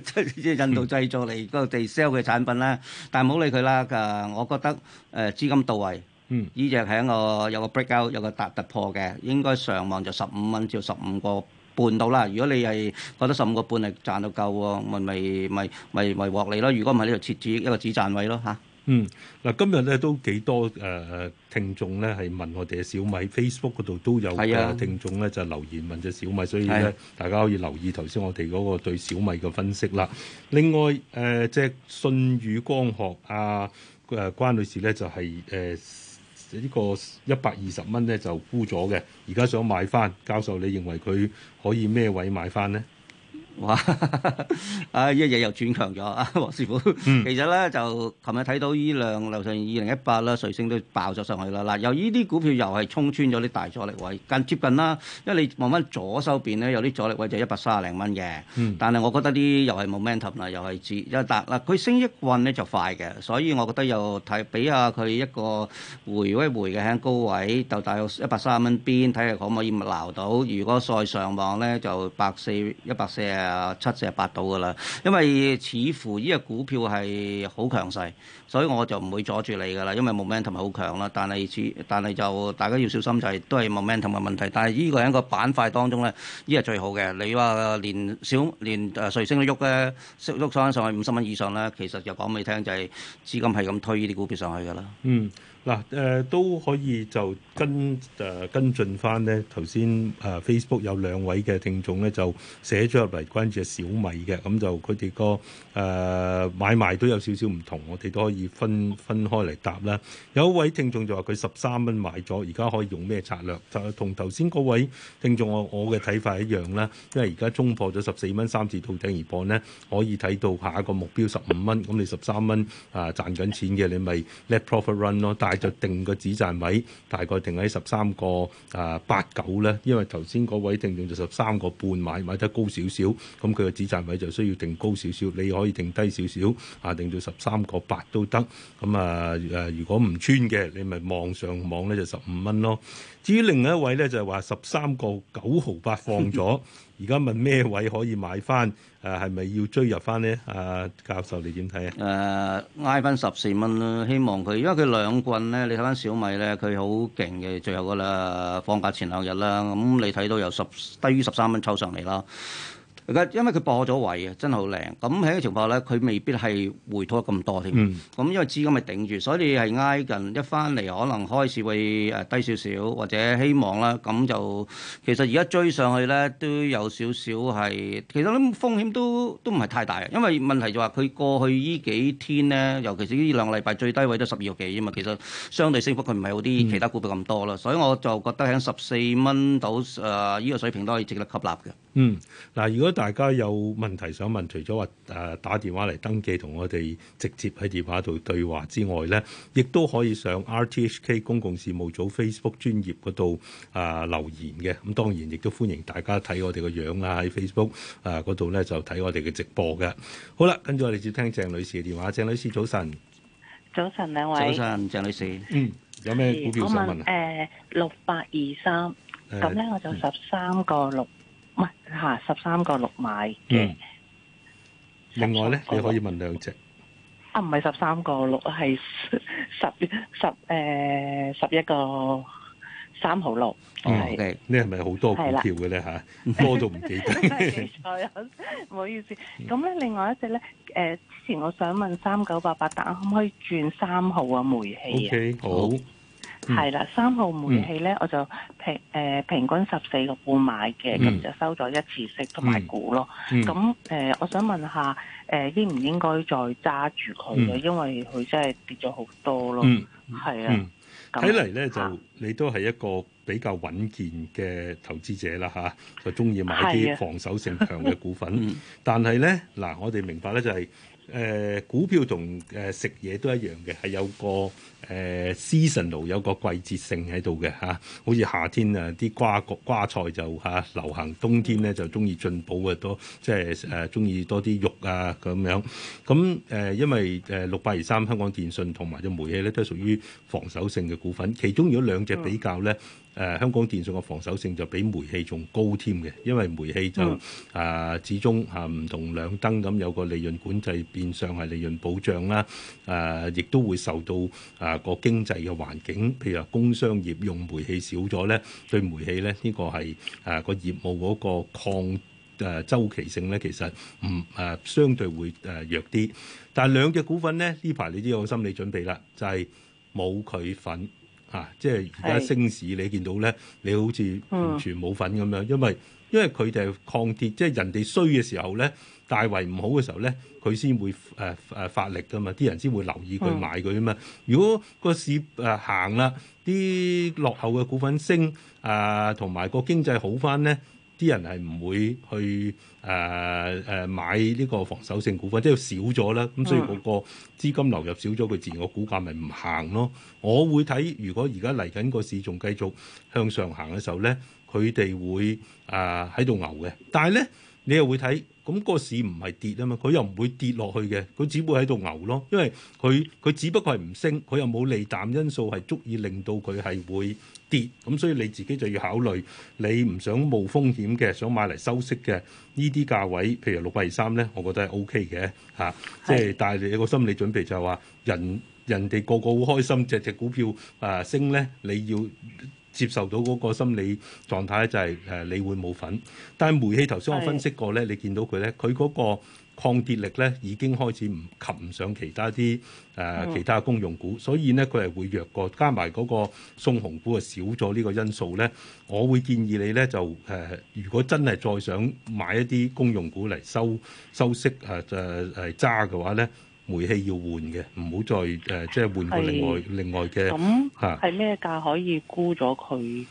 即係、嗯、 印度製造嚟個地 sell 嘅產品啦。嗯、但係唔好理佢啦。咁我覺得誒資金到位。嗯，呢隻係一個有個 breakout，有個突突破嘅，應該上望就十五蚊至十五個半到啦。如果你係覺得十五個半係賺到夠喎，咪咪咪咪咪獲利咯。如果唔係，呢度設置一個止賺位咯吓，嗯，嗱，今日咧都幾多誒、呃、聽眾咧，係問我哋嘅小米 Facebook 嗰度都有、啊、聽眾咧，就留言問隻小米，所以咧、啊、大家可以留意頭先我哋嗰個對小米嘅分析啦。另外誒，即、呃、係、就是、信宇光學啊，誒、呃、關女士咧就係、是、誒。呃呢個一百二十蚊呢就沽咗嘅，而家想買翻，教授你認為佢可以咩位買翻呢？哇！啊，一嘢又轉強咗啊，黃師傅。其實咧就琴日睇到依兩樓上二零一八啦，瑞星都爆咗上去啦。嗱，由依啲股票又係衝穿咗啲大阻力位，近接近啦。因為你望翻左手邊咧，有啲阻力位就一百卅零蚊嘅。嗯、但係我覺得啲又係冇 momentum、um、啊，又係接一達嗱，佢升一棍咧就快嘅，所以我覺得又睇俾下佢一個回一回嘅高位，就大約一百卅蚊邊睇下可唔可以撈到。如果再上望咧，就百四一百四啊。係七成八到噶啦，因為似乎呢個股票係好強勢，所以我就唔會阻住你噶啦，因為 momentum 係好強啦。但係主，但係就大家要小心，就係都係 momentum 嘅問題。但係呢個係一個板塊當中咧，呢個最好嘅。你話連小連誒瑞星都喐嘅，喐返上去五十蚊以上咧，其實就講俾你聽，就係、是、資金係咁推呢啲股票上去噶啦。嗯。嗱，誒、呃、都可以就跟誒、呃、跟進翻咧。頭先誒 Facebook 有兩位嘅聽眾咧，就寫咗入嚟關注小米嘅，咁就佢哋個誒買賣都有少少唔同，我哋都可以分分開嚟答啦。有一位聽眾就話，佢十三蚊買咗，而家可以用咩策略？就同頭先嗰位聽眾我我嘅睇法一樣啦，因為而家衝破咗十四蚊三次到頂而破咧，可以睇到下一個目標十五蚊。咁你十三蚊啊賺緊錢嘅，你咪 let profit run 咯，但係就定個止賺位，大概定喺十三個啊八九咧，因為頭先嗰位定定就十三個半買，買得高少少，咁佢個止賺位就需要定高少少，你可以定低少少，啊定到十三個八都得，咁啊誒，如果唔穿嘅，你咪望上望咧就十五蚊咯。至於另一位咧，就係話十三個九毫八放咗。而家問咩位可以買翻？誒、啊，係咪要追入翻呢？啊，教授你點睇啊？誒、呃，挨翻十四蚊啦，希望佢，因為佢兩棍咧。你睇翻小米咧，佢好勁嘅，最後嗰啦，放假前兩日啦，咁、嗯、你睇到有十低於十三蚊抽上嚟啦。而家因為佢破咗位啊，真係好靚。咁喺個情況咧，佢未必係回吐咁多添。咁、嗯、因為資金咪頂住，所以係挨近一翻嚟，可能開始會誒低少少，或者希望啦。咁就其實而家追上去咧，都有少少係，其實啲風險都都唔係太大。因為問題就話佢過去呢幾天咧，尤其是呢兩個禮拜最低位都十二個幾啫嘛。因為其實相對升幅佢唔係好啲其他股票咁多啦，嗯、所以我就覺得喺十四蚊到誒依個水平都可以值得吸納嘅。嗯，嗱，如果大家有問題想問，除咗話誒打電話嚟登記同我哋直接喺電話度對話之外咧，亦都可以上 RTHK 公共事務組 Facebook 專頁嗰度啊留言嘅。咁當然亦都歡迎大家睇我哋個樣啦，喺 Facebook 啊嗰度咧就睇我哋嘅直播嘅。好啦，跟住我哋接聽鄭女士嘅電話。鄭女士早晨，早晨兩位，早晨鄭女士，嗯，有咩股票想問啊？誒，六百二三，咁、呃、咧我就十三個六。唔係吓，十三個六買。嘅、嗯。另外咧，你可以問兩隻。啊，唔係十三、呃、個六、嗯，係十十誒十一個三號六。哦 o okay。你係咪好多股票嘅咧吓？多了 到唔記得。唔好意思。咁咧，另外一隻咧，誒、呃，之前我想問三九八八，但可唔可以轉三號啊？煤氣、okay，好。係啦，三、嗯、號煤氣咧，我就平誒、呃、平均十四個半買嘅，咁就收咗一次息同埋股咯。咁誒、嗯嗯呃，我想問下誒、呃、應唔應該再揸住佢咧？因為佢真係跌咗好多咯。係啊、嗯，睇嚟咧就你都係一個比較穩健嘅投資者啦，吓、啊，就中意買啲防守性強嘅股份。是的 但係咧嗱，我哋明白咧就係、是、誒、呃、股票同誒食嘢都一樣嘅，係有個。誒、啊、seasonal 有個季節性喺度嘅吓，好似夏天啊，啲、啊、瓜瓜菜就吓、啊、流行；冬天咧就中意進補嘅多，即係誒中意多啲肉啊咁樣，咁誒、啊，因為誒、啊、六八二三香港電訊同埋隻煤氣咧，都係屬於防守性嘅股份。其中如果兩隻比較咧，誒、啊、香港電訊嘅防守性就比煤氣仲高添嘅，因為煤氣就啊始終吓唔同兩燈咁有個利潤管制，變相係利潤保障啦。誒、啊，亦都會受到啊。啊，個經濟嘅環境，譬如工商業用煤氣少咗咧，對煤氣咧呢、呢個係啊個業務嗰個抗誒週、呃、期性咧，其實唔誒、呃、相對會誒弱啲。但係兩隻股份咧呢排你都有心理準備啦，就係冇佢份。啊，即係而家升市你見到咧，你好似完全冇份咁樣，因為因為佢哋係抗跌，即係人哋衰嘅時候咧，大圍唔好嘅時候咧，佢先會誒誒發力噶嘛，啲人先會留意佢買佢啊嘛。如果個市誒行啦，啲落後嘅股份升、呃、同埋個經濟好翻咧，啲人係唔會去誒誒、呃、買呢個防守性股份，即係少咗啦。咁所以嗰個資金流入少咗，佢自然個股價咪唔行咯。我會睇，如果而家嚟緊個市仲繼續向上行嘅時候咧，佢哋會誒喺度牛嘅。但係咧。你又會睇，咁個市唔係跌啊嘛，佢又唔會跌落去嘅，佢只會喺度牛咯，因為佢佢只不過係唔升，佢又冇利淡因素係足以令到佢係會跌，咁所以你自己就要考慮，你唔想冒風險嘅，想買嚟收息嘅呢啲價位，譬如六百二三咧，我覺得係 O K 嘅吓，即、啊、係是帶你一個心理準備就係話，人人哋個個好開心，隻隻股票啊升咧，你要。接受到嗰個心理狀態咧、就是，就係誒你會冇份。但係煤氣頭先我分析過咧，是你見到佢咧，佢嗰個抗跌力咧已經開始唔及唔上其他啲誒、呃、其他公用股，所以咧佢係會弱過，加埋嗰個送紅股啊少咗呢個因素咧，我會建議你咧就誒、呃，如果真係再想買一啲公用股嚟收收息誒誒誒揸嘅話咧。煤氣要換嘅，唔好再誒、呃，即係換過另外是另外嘅嚇，係咩價可以沽咗佢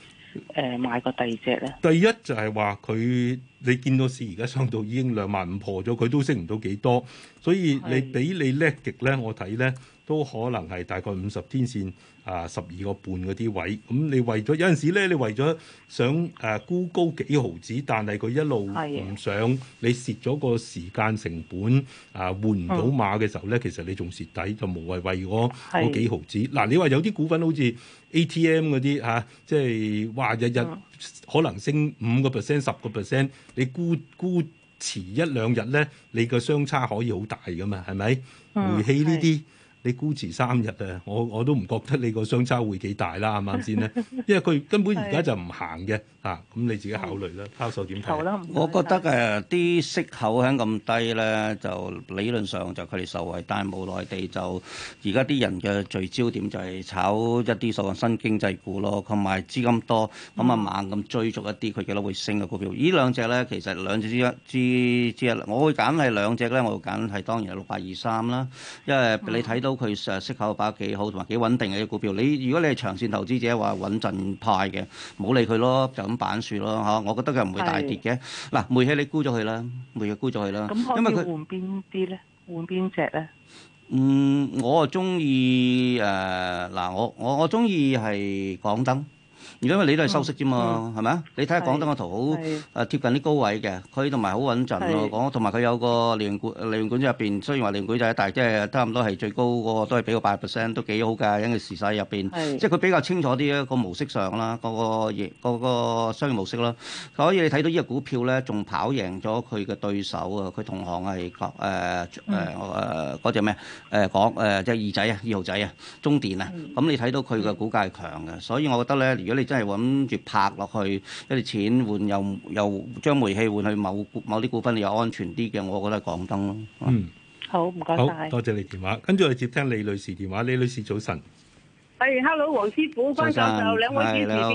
誒買個第二隻咧？第一就係話佢你見到市而家上到已經兩萬五破咗，佢都升唔到幾多，所以你比你叻極咧，我睇咧。都可能係大概五十天線啊，十二個半嗰啲位咁、嗯。你為咗有陣時咧，你為咗想誒、啊、沽高幾毫子，但係佢一路唔上，你蝕咗個時間成本啊，換唔到碼嘅時候咧，其實你仲蝕底，就無謂為嗰嗰、嗯、幾毫子嗱、啊。你話有啲股份好似 A T M 嗰啲嚇，即係話日日可能升五個 percent 十個 percent，你估沽遲一兩日咧，你個相差可以好大噶嘛？係咪？煤氣呢啲？你估遲三日啊！我我都唔覺得你個相差會幾大啦，係啱先咧？ 因為佢根本而家就唔行嘅嚇，咁、 啊、你自己考慮啦。拋、嗯、售點睇啦！我覺得誒啲、呃、息口喺咁低咧，就理論上就佢哋受惠，但係冇內地就而家啲人嘅聚焦點就係炒一啲所謂新經濟股咯，同埋資金多，咁啊猛咁追逐一啲佢幾多會升嘅股票。呢、嗯、兩隻咧，其實兩隻之一之之一，我會揀係兩隻咧，我會揀係當然係六百二三啦，因為你睇到、嗯。嗯。佢誒息口，把幾好同埋幾穩定嘅股票。你如果你係長線投資者話，話穩陣派嘅，冇理佢咯，就咁板樹咯嚇。我覺得佢唔會大跌嘅。嗱的，煤氣你沽咗佢啦，煤氣沽咗佢啦。咁可佢換邊啲咧？換邊隻咧？嗯，我啊中意誒嗱，我我我中意係港燈。而因為你都係收息啫嘛，嗯，係咪啊？你睇下廣東個圖好誒貼近啲高位嘅，佢同埋好穩陣喎講，同埋佢有個利潤管利潤管制入邊，雖然話利潤管制，但係即係差唔多係最高嗰個都係俾個八 percent 都幾好㗎，因為時勢入邊，是即係佢比較清楚啲一、嗰個模式上啦，嗰、嗰個、嗰個商業模式咯。所以你睇到呢個股票咧，仲跑贏咗佢嘅對手啊，佢同行係國誒誒誒嗰隻咩誒國誒即係二仔啊，二號仔啊，中電啊，咁你睇到佢嘅股價係強嘅，所以我覺得咧，如果你真係揾住拍落去一啲錢換又又將煤氣換去某某啲股份又安全啲嘅，我覺得係廣東咯。嗯，好，唔該晒。多謝你電話，跟住我接聽李女士電話。李女，女士早晨。係、hey,，hello，黃師傅。關教授早晨。係啦。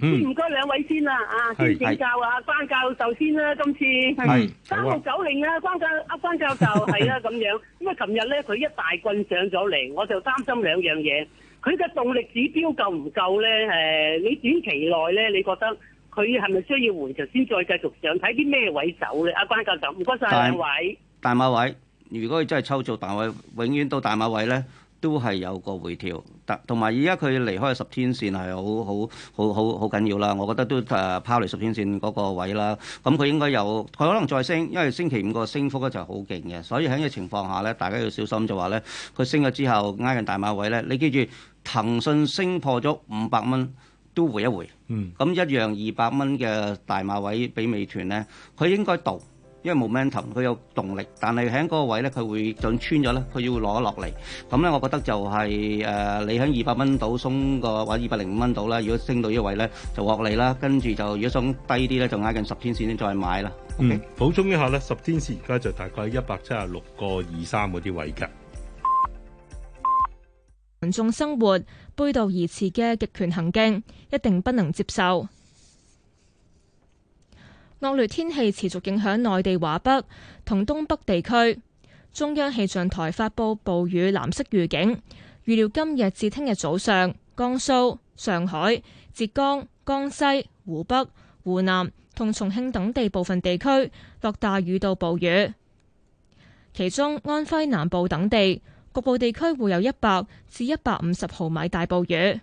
嗯。唔該，兩位先啦，啊，先見、嗯、教啊，關教授先啦、啊，今次。係。三六九零啊，關教啊，關教授係啦，咁、啊、樣。因啊，琴日咧佢一大，大棍上咗嚟，我就擔心兩樣嘢。佢嘅動力指標夠唔夠咧？誒，你短期內咧，你覺得佢係咪需要回調先再繼續上？睇啲咩位走咧？阿關教授，唔該曬兩位大馬位，如果佢真係抽做大位，永遠到大馬位咧，都係有個回調。同同埋，而家佢離開十天線係好好好好好緊要啦。我覺得都誒拋離十天線嗰個位啦。咁佢應該有，佢可能再升，因為星期五個升幅咧就係好勁嘅。所以喺呢個情況下咧，大家要小心就話咧，佢升咗之後挨緊大馬位咧，你記住。騰訊升破咗五百蚊都回一回，咁、嗯、一樣二百蚊嘅大馬位俾美團咧，佢應該動，因為 momentum 佢、um, 有動力，但係喺嗰個位咧佢會進穿咗咧，佢要攞落嚟。咁咧我覺得就係、是、誒、呃、你喺二百蚊度鬆個位或者二百零五蚊度啦，如果升到呢個位咧就獲利啦。跟住就如果鬆低啲咧，就挨近十天線先再買啦。嗯，Okay? 補充一下咧，十天線而家就大概一百七十六個二三嗰啲位㗎。民眾生活背道而馳嘅極權行徑一定不能接受。惡劣天氣持續影響內地華北同東北地區，中央氣象台發布暴雨藍色預警，預料今日至聽日早上，江蘇、上海、浙江、江西、湖北、湖南同重慶等地部分地區落大雨到暴雨，其中安徽南部等地。局部地區會有一百至一百五十毫米大暴雨。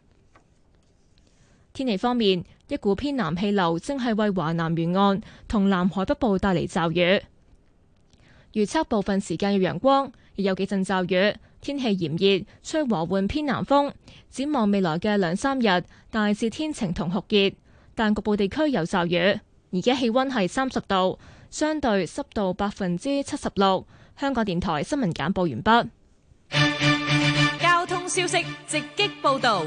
天氣方面，一股偏南氣流正係為華南沿岸同南海北部帶嚟驟雨。預測部分時間有陽光，亦有幾陣驟雨。天氣炎熱，吹和緩偏南風。展望未來嘅兩三日，大致天晴同酷熱，但局部地區有驟雨。而家氣温係三十度，相對濕度百分之七十六。香港電台新聞簡報完畢。消息直擊報道，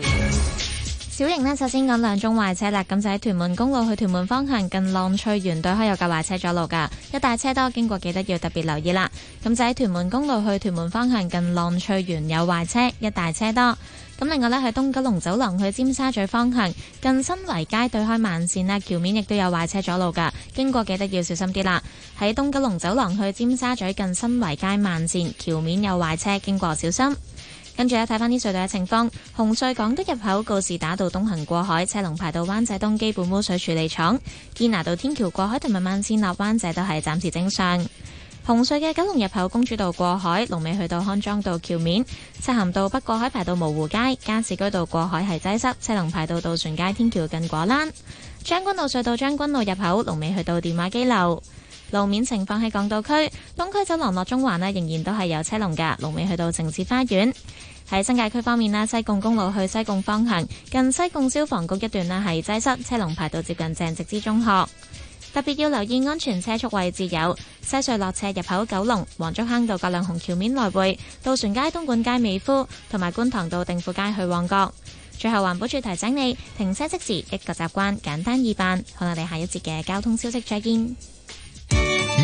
小瑩呢，首先講兩宗壞車啦。咁就喺屯門公路去屯門方向，近浪翠園對開有架壞車阻路噶，一大車多，經過記得要特別留意啦。咁就喺屯門公路去屯門方向，近浪翠園有壞車，一大車多。咁另外呢，喺東九龍走廊去尖沙咀方向，近新圍街對開慢線咧，橋面亦都有壞車阻路噶，經過記得要小心啲啦。喺東九龍走廊去尖沙咀近新圍街慢線橋面有壞車，經過小心。跟住咧，睇返啲隧道嘅情況。紅隧港島入口告士打道東行過海，車龍排到灣仔東基本污水處理廠堅拿道天橋過海同埋慢線，落灣仔都係暫時正常。紅隧嘅九龍入口公主道過海，龍尾去到康莊道橋面。漆咸道北過海排到蕪湖街，加士居道過海係擠塞，車龍排到渡船街天橋近果欄。將軍路隧道將軍路入口龍尾去到電話機樓。路面情況喺港島區東區走廊落中環呢，仍然都係有車龍㗎。龍尾去到城市花園喺新界區方面呢，西貢公路去西貢方向近西貢消防局一段呢，係擠塞，車龍排到接近正直之中學。特別要留意安全車速位置有西隧落斜入口、九龍黃竹坑道、格亮紅橋面來回、渡船街、東莞街美、美孚同埋觀塘道、定富街去旺角。最後，環保處提醒你停車即時一個習慣，簡單易辦。好，你下一節嘅交通消息再見。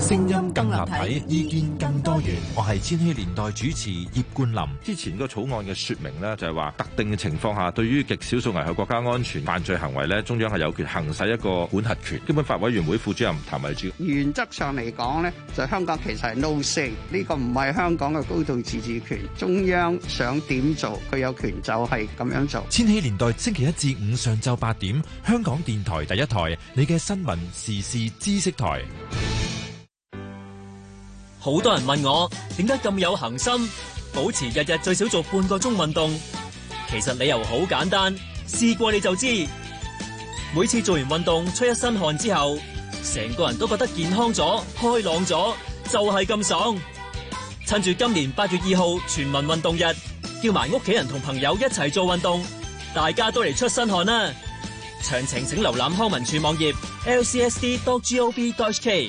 聲音更立體，意見更多元。我係千禧年代主持葉冠林。之前個草案嘅說明呢，就係話特定嘅情況下，對於極少數危害國家安全犯罪行為呢，中央係有權行使一個管轄權。基本法委員會副主任譚偉柱，主原則上嚟講呢，就香港其實係 no say，呢個唔係香港嘅高度自治權，中央想點做，佢有權就係咁樣做。千禧年代星期一至五上晝八點，香港電台第一台，你嘅新聞時事知識台。好多人問我點解咁有恒心，保持日日最少做半個鐘運動。其實理由好簡單，試過你就知。每次做完運動，出一身汗之後，成個人都覺得健康咗、開朗咗，就係咁爽。趁住今年八月二號全民運動日，叫埋屋企人同朋友一齊做運動，大家都嚟出身汗啦。詳情請瀏覽康文署網頁 lcsd.gov.hk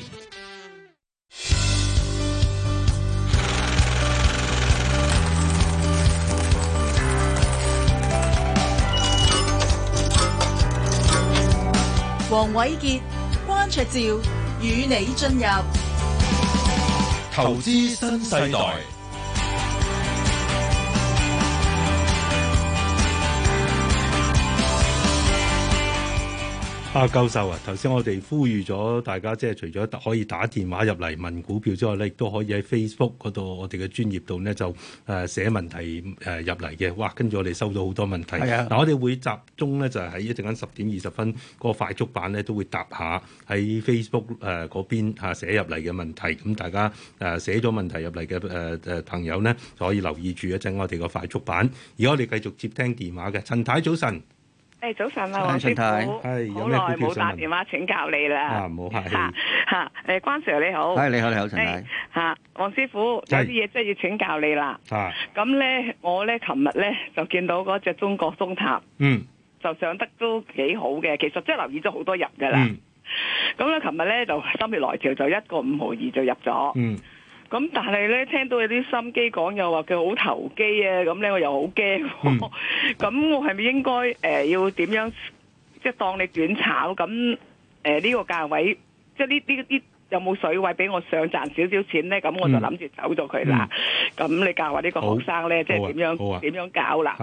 黃瑋傑、關焯照與你進入投資新世代。教授啊，頭先、啊、我哋呼籲咗大家，即係除咗可以打電話入嚟問股票之外咧，亦都可以喺 Facebook 嗰度，我哋嘅專頁度咧就誒寫問題誒入嚟嘅。哇，跟住我哋收到好多問題。係的啊，嗱，我哋會集中咧就係、是、喺一陣間十點二十分個快速版咧都會答下喺 Facebook 誒嗰邊嚇寫入嚟嘅問題。咁、嗯、大家誒寫咗問題入嚟嘅誒誒朋友咧就可以留意住一陣我哋個快速版。而我哋繼續接聽電話嘅，陳太早晨。誒，hey, 早晨啊，黃師傅，好 Hey,，耐冇 Hey, 打電話請教你啦、啊啊。啊，冇客氣。吓，誒，關 sir 你好。係 Hey, 你好，你好，陳太。吓、hey, 啊，黃師傅有啲嘢真係要請教你啦。係。咁咧，我咧，琴日咧就見到嗰隻中國中塔，嗯、啊，就上得都幾好嘅。其實即係留意咗好多、啊嗯、日噶啦。咁咧，琴日咧就心血來潮，就一個五毫二就入咗。嗯咁但係咧，聽到有啲心機講又話佢好投機啊，咁咧我又好驚、啊。咁、嗯、我係咪應該誒、呃、要點樣即係當你短炒？咁誒呢個價位即係呢呢啲有冇水位俾我上賺少少錢咧？咁我就諗住走咗佢啦。咁、嗯嗯、你教下呢個學生咧，好即係點樣點、啊啊、樣搞啦？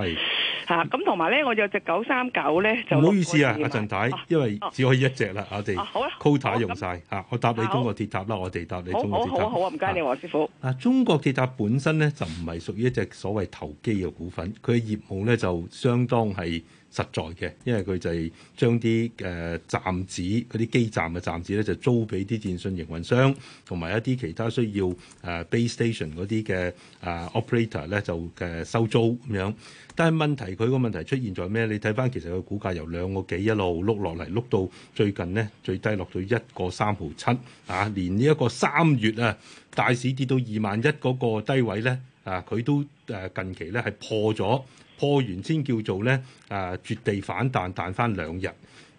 嚇，咁同埋咧，我有隻九三九咧就唔好意思啊，阿陳太，啊啊、因為只可以一隻啦，啊、我哋 quota 用晒。嚇，我搭你中國鐵塔啦，好我哋搭你中國鐵塔。好，好，好，好啊唔該你黃師傅。嗱、啊，中國鐵塔本身咧就唔係屬於一隻所謂投機嘅股份，佢嘅業務咧就相當係，實在嘅，因為佢就係將啲誒站址、嗰啲基站嘅站址咧，就租俾啲電信營運商同埋一啲其他需要誒、呃、base station 嗰啲嘅誒、呃、operator 咧，就誒、呃、收租咁樣。但係問題佢個問題出現在咩？你睇翻其實個股價由兩個幾一路碌落嚟，碌到最近呢，最低落到一個三毫七啊！連呢一個三月啊大市跌到二萬一嗰個低位咧啊，佢都誒、啊、近期咧係破咗。破完先叫做咧誒、呃、絕地反彈彈翻兩日，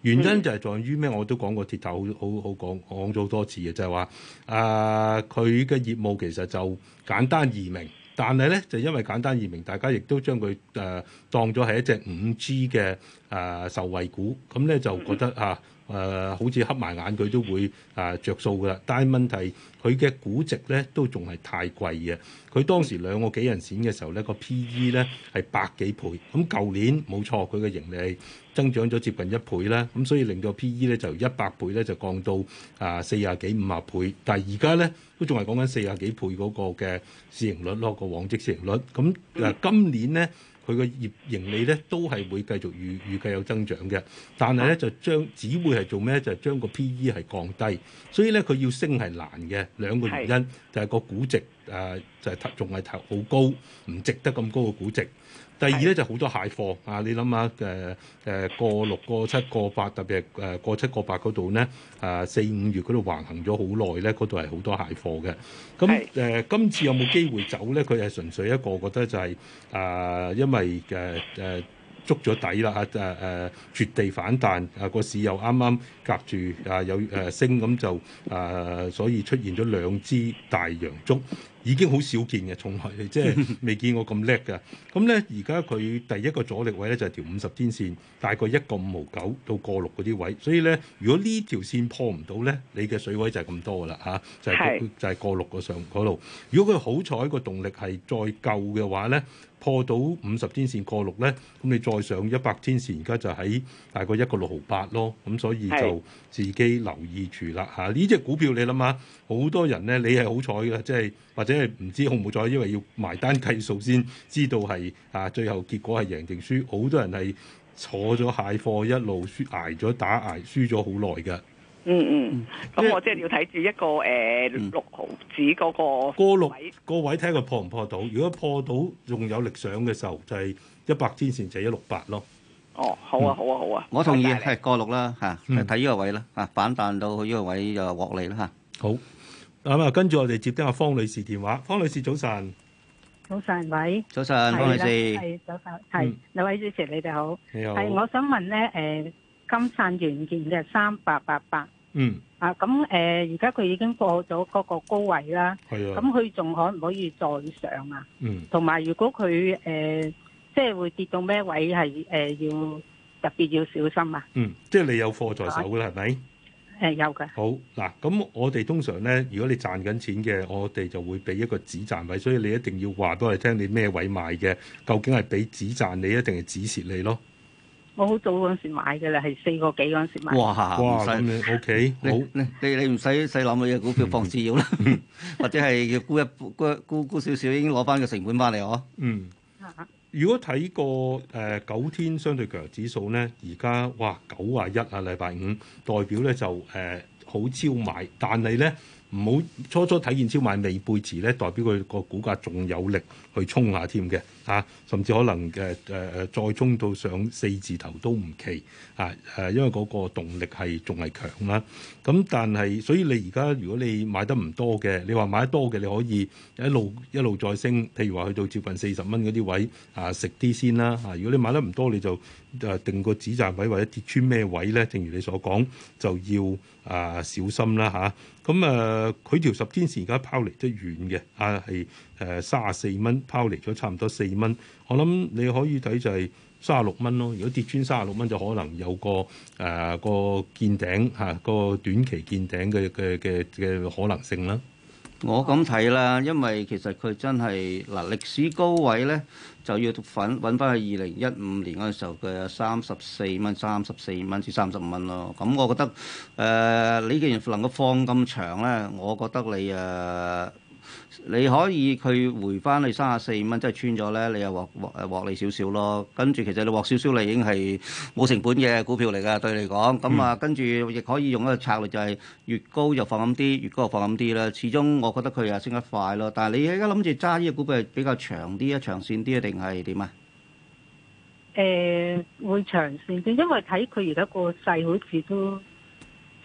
原因就係在於咩？我都講過鐵頭好好好講咗好多次嘅，就係話誒佢嘅業務其實就簡單易明，但係咧就因為簡單易明，大家亦都將佢誒當咗係一隻五 G 嘅誒、呃、受惠股，咁咧就覺得嚇誒、啊呃、好似黑埋眼佢都會誒、呃、着數㗎啦。但係問題。佢嘅估值咧都仲係太貴嘅，佢當時兩個幾人錢嘅時候咧，個 PE 咧係百幾倍。咁舊年冇錯，佢嘅盈利增長咗接近一倍啦，咁所以令到 PE 咧就由一百倍咧就降到啊四廿幾五啊倍。但係而家咧都仲係講緊四廿幾倍嗰個嘅市盈率咯，個往績市盈率。咁嗱，今年咧。佢個業盈利咧都係會繼續預預計有增長嘅，但係咧就將只會係做咩咧？就將,、就係、將個 P/E 係降低，所以咧佢要升係難嘅。兩個原因就係個估值誒的、啊、就係仲係投好高，唔值得咁高嘅估值。第二咧就好多蟹貨啊！你諗下誒誒過六過七過八，特別係誒過七過八嗰度咧，啊、呃、四五月嗰度橫行咗好耐咧，嗰度係好多蟹貨嘅。咁誒、呃、今次有冇機會走咧？佢係純粹一個覺得就係、係、啊、呃，因為誒誒。呃呃捉咗底啦嚇！誒、呃、誒、呃，絕地反彈啊！個市又啱啱夾住啊，有誒、呃、升咁就啊、呃，所以出現咗兩支大陽燭，已經好少見嘅，從來即係未見過咁叻噶。咁咧，而家佢第一個阻力位咧就係條五十天線，大概一個五毫九到過六嗰啲位。所以咧，如果呢條線破唔到咧，你嘅水位就係咁多噶啦嚇，就係、是、是就係過、就係、過六個上嗰度。如果佢好彩個動力係再夠嘅話咧。破到五十天線過六咧，咁你再上一百天線，而家就喺大概一個六毫八咯。咁所以就自己留意住啦嚇。呢是、啊、隻股票你諗下，好多人咧，你係好彩嘅，即、就、係、是、或者係唔知好唔好彩，因為要埋單計數先知道係啊最後結果係贏定輸。好多人係坐咗蟹貨一路輸，挨咗打挨輸咗好耐嘅。嗯嗯，咁我即係要睇住一個誒六毫紙嗰個個位個位睇佢破唔破到，如果破到仲有力上嘅時候，就係一百天線就係一六八咯。哦，好啊，好啊，好啊，我同意係個六啦，吓，睇呢個位啦，吓，反彈到呢個位就獲利啦，吓。好，咁啊，跟住我哋接聽阿方女士電話。方女士早晨。早晨，喂，早晨，方女士，係早晨，係兩位主持，你哋好，係，我想問咧，誒，金山軟件嘅三八八八。嗯，啊咁誒，而家佢已經過咗嗰個高位啦。係啊的，咁佢仲可唔可以再上啊？嗯，同埋如果佢誒、呃，即係會跌到咩位係誒，要、呃、特別要小心啊。嗯，即係你有貨在手啦，係咪、啊？誒吧、呃，有噶。好嗱，咁我哋通常咧，如果你賺緊錢嘅，我哋就會俾一個止賺位，所以你一定要話俾我哋聽，你咩位賣嘅，究竟係俾止賺，你一定係止蝕你咯。我好早嗰陣時買嘅啦，係四個幾嗰陣時買。哇！哇！咁你 O K 好，你你唔使使諗乜嘢股票放資料啦，嗯、 或者係要沽一沽沽沽少少已經攞翻個成本翻嚟呵。嗯。啊、如果睇過誒九天相對強弱指數咧，而家哇九啊一啊禮拜五，代表咧就誒好、呃、超買，但係咧唔好初初睇見超買未背馳咧，代表佢個股價仲有力去衝下添嘅。啊，甚至可能嘅誒誒再衝到上四字頭都唔奇啊！誒、啊，因為嗰個動力係仲係強啦、啊。咁、啊、但係，所以你而家如果你買得唔多嘅，你話買得多嘅，你可以一路一路再升。譬如話去到接近四十蚊嗰啲位啊，食啲先啦、啊。啊，如果你買得唔多，你就誒定個止蝕位或者跌穿咩位咧？正如你所講，就要啊小心啦、啊、嚇。咁、啊、誒，佢、啊、條十天線而家拋離得遠嘅啊，係。誒三啊四蚊拋離咗，差唔多四蚊。我諗你可以睇就係三啊六蚊咯。如果跌穿三啊六蚊，就可能有個誒、呃、個見頂嚇、啊、個短期見頂嘅嘅嘅嘅可能性啦。我咁睇啦，因為其實佢真係嗱歷史高位咧，就要揾揾返去二零一五年嗰陣時候嘅三十四蚊、三十四蚊至三十五蚊咯。咁、嗯、我覺得誒、呃，你既然能夠放咁長咧，我覺得你誒。呃你可以佢回翻你三十四蚊，即係穿咗咧，你又獲獲誒獲利少少咯。跟住其實你獲少少你已經係冇成本嘅股票嚟㗎，對你嚟講。咁啊，跟住亦可以用一個策略，就係越高就放咁啲，越高就放咁啲啦。始終我覺得佢又升得快咯。但係你而家諗住揸呢個股票係比較長啲啊，長線啲啊，定係點啊？誒、欸，會長線啲，因為睇佢而家個勢好似都。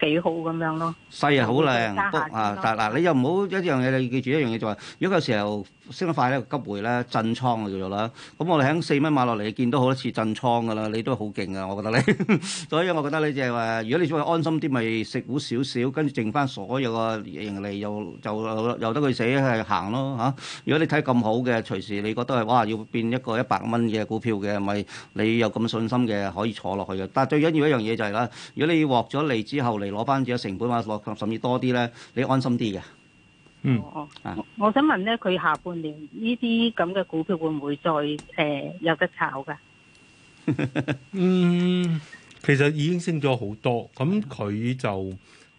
幾好咁樣咯，細啊好靚。不過，啊但係嗱你又唔好一樣嘢，你記住一樣嘢就係，如果有時候。升得快咧，急回咧，震倉㗎咋啦。咁我哋喺四蚊買落嚟，見到好多次震倉噶啦，你都好勁噶，我覺得你。 所以，我覺得你即係話，如果你想安心啲，咪食糊少少，跟住剩翻所有嘅盈利又就由得佢死係行咯嚇、啊。如果你睇咁好嘅，隨時你覺得係哇，要變一個一百蚊嘅股票嘅，咪你有咁信心嘅可以坐落去嘅。但係最緊要一樣嘢就係、是、啦，如果你獲咗利之後嚟攞翻自己成本或者甚至多啲咧，你安心啲嘅。嗯，我我想問咧，佢下半年呢啲咁嘅股票會唔會再誒、呃、有得炒㗎？ 嗯，其實已經升咗好多，咁佢就。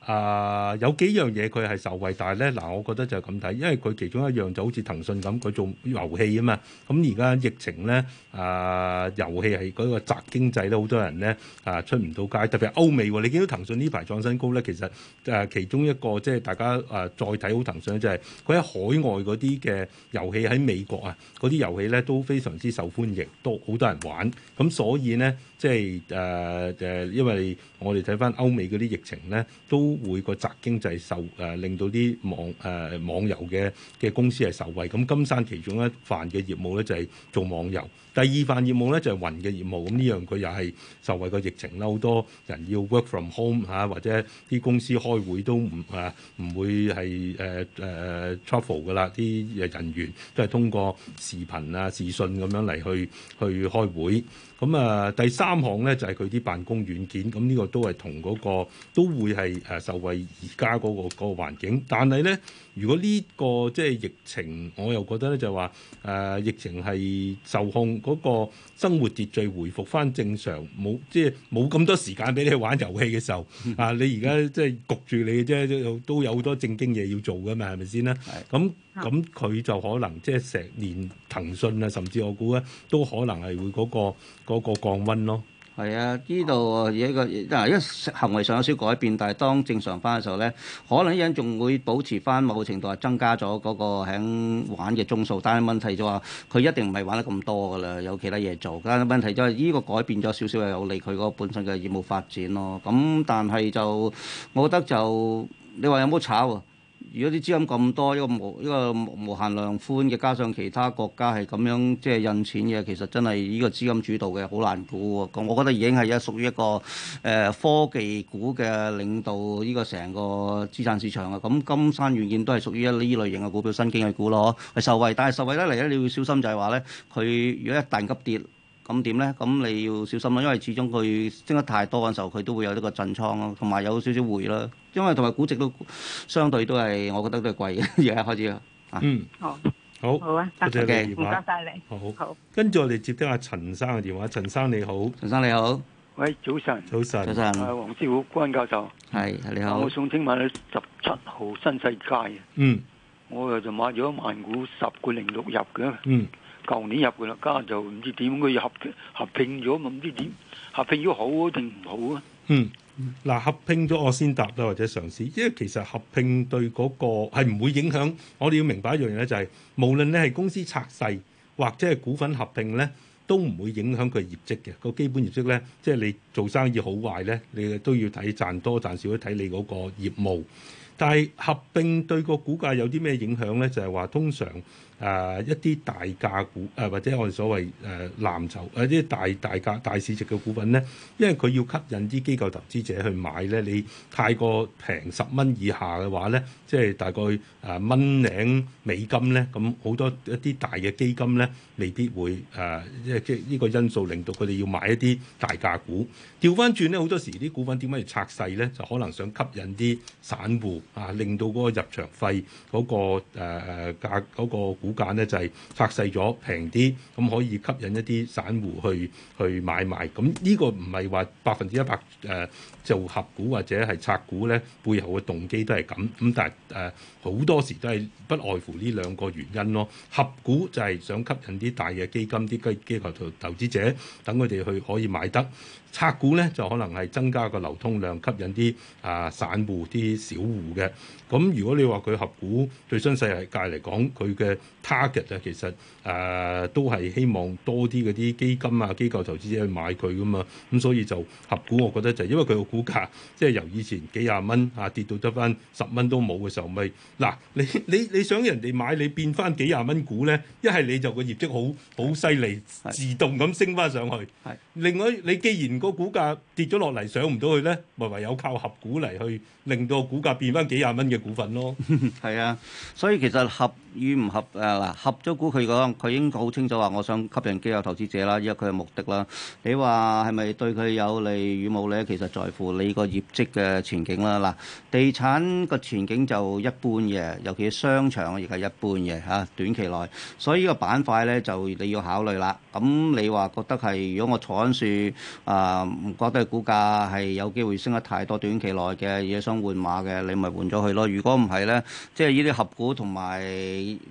啊，uh, 有幾樣嘢佢係受惠，但係咧嗱，我覺得就係咁睇，因為佢其中一樣就好似騰訊咁，佢做遊戲啊嘛。咁而家疫情咧，啊遊戲係嗰個宅經濟咧，好多人咧啊出唔到街，特別係歐美喎。你見到騰訊呢排創新高咧，其實誒、啊、其中一個即係、就係、大家啊再睇好騰訊就係佢喺海外嗰啲嘅遊戲喺美國啊嗰啲遊戲咧都非常之受歡迎，都好多人玩。咁所以咧即係誒誒，因為我哋睇翻歐美嗰啲疫情咧都。會個宅經濟受誒、呃、令到啲網誒、呃、網遊嘅嘅公司係受惠，咁金山其中一範嘅業務咧就係、是、做網遊，第二範業務咧就係、是、雲嘅業務，咁、嗯、呢樣佢又係受惠個疫情啦，好多人要 work from home 嚇、啊，或者啲公司開會都唔嚇唔會係誒誒 travel e 噶啦，啲人員都係通過視頻啊視訊咁樣嚟去去開會。咁啊，第三項咧就係佢啲辦公軟件，咁呢個都係同嗰個都會係誒受惠而家嗰個環境，但係咧，如果呢個即係疫情，我又覺得咧就話誒疫情係受控，嗰個生活秩序回復翻正常，冇即係冇咁多時間俾你去玩遊戲嘅時候 啊！你而家即係焗住你啫，都有好多正經嘢要做噶嘛，係咪先啦？咁。咁佢就可能即係成年騰訊啊，甚至我估咧都可能係會嗰個嗰個降溫咯。係啊，呢度嘢個嗱，一行為上有少少改變，但係當正常翻嘅時候咧，可能一樣仲會保持翻某程度係增加咗嗰個喺玩嘅宗數，但係問題就話佢一定唔係玩得咁多噶啦，有其他嘢做。但係問題就係呢個改變咗少少係有利佢嗰個本身嘅業務發展咯。咁但係就我覺得就你話有冇炒啊？如果啲資金咁多，一個無一個無限量寬嘅，加上其他國家係咁樣即係印錢嘅，其實真係呢個資金主導嘅，好難估。我覺得已經係一屬於一個誒、呃、科技股嘅領導，呢個成個資產市場啊。咁金山軟件都係屬於一呢類型嘅股票，新經嘅股咯，係受惠。但係受惠得嚟咧，你要小心就係話咧，佢如果一旦急跌。咁點咧？咁你要小心咯，因為始終佢升得太多嘅時候，佢都會有呢個震倉咯，同埋有少少回啦。因為同埋估值都相對都係，我覺得都係貴嘅，而家開始啦。嗯。好。好。好啊。多謝你電話。唔該曬你。好。好。跟住我哋接聽阿陳生嘅電話。陳生你好。陳生你好。喂，早晨。早晨。早晨。黃師傅，關教授。係。你好。我想請問你十七號新世界啊。嗯。我又就買咗萬股十個零六入嘅。嗯。舊年入去啦，家下就唔知點佢要合合併咗，唔知點合併咗好定唔好啊？嗯，嗱，合併咗我先答啦，或者嘗試，因為其實合併對嗰個係唔會影響。我哋要明白一樣嘢咧，就係無論你係公司拆細或者係股份合併咧，都唔會影響佢業績嘅個基本業績咧。即係你做生意好壞咧，你都要睇賺多賺少，都睇你嗰個業務。但係合併對個股價有啲咩影響咧？就係話通常。誒、呃、一啲大價股誒、呃、或者我哋所謂誒、呃、藍籌誒啲、呃、大大價大市值嘅股份咧，因為佢要吸引啲機構投資者去買咧，你太過平十蚊以下嘅話咧，即係大概誒蚊零美金咧，咁好多一啲大嘅基金咧，未必會誒、呃，即係即係呢個因素令到佢哋要買一啲大價股。調翻轉咧，好多時啲股份點解要拆細咧？就可能想吸引啲散戶啊，令到嗰個入場費嗰個誒價嗰個。呃嗰個股價咧就係拆細咗平啲，咁可以吸引一啲散戶去去買賣。咁、這、呢個唔係話百分之一百誒做合股或者係拆股咧，背後嘅動機都係咁。咁但係誒好多時都係不外乎呢兩個原因咯。合股就係想吸引啲大嘅基金、啲基機構投投資者等佢哋去可以買得。拆股咧就可能係增加個流通量，吸引啲啊散戶啲小戶嘅。咁如果你話佢合股對新世界嚟講，佢嘅 target 啊，其實誒、呃、都係希望多啲嗰啲基金啊、機構投資者去買佢噶嘛。咁、嗯、所以就合股，我覺得就因為佢個股價即係、就是、由以前幾廿蚊啊跌到得翻十蚊都冇嘅時候，咪嗱、啊、你你你想人哋買你變翻幾廿蚊股咧，一係你就個業績好好犀利，自動咁升翻上去。另外你既然個股價跌咗落嚟上唔到去咧，咪唯有靠合股嚟去。令到股價變翻幾廿蚊嘅股份咯，係 啊，所以其實合與唔合誒、啊，合咗股佢講佢應該好清楚話，我想吸引機構投資者啦，因為佢嘅目的啦。你話係咪對佢有利與冇咧？其實在乎你個業績嘅前景啦。嗱、啊，地產個前景就一般嘅，尤其係商場亦係一般嘅嚇、啊。短期內，所以呢個板塊咧就你要考慮啦。咁你話覺得係如果我坐喺樹啊，唔覺得係股價係有機會升得太多短期內嘅嘢換馬嘅，你咪換咗佢咯。如果唔係咧，即係呢啲合股同埋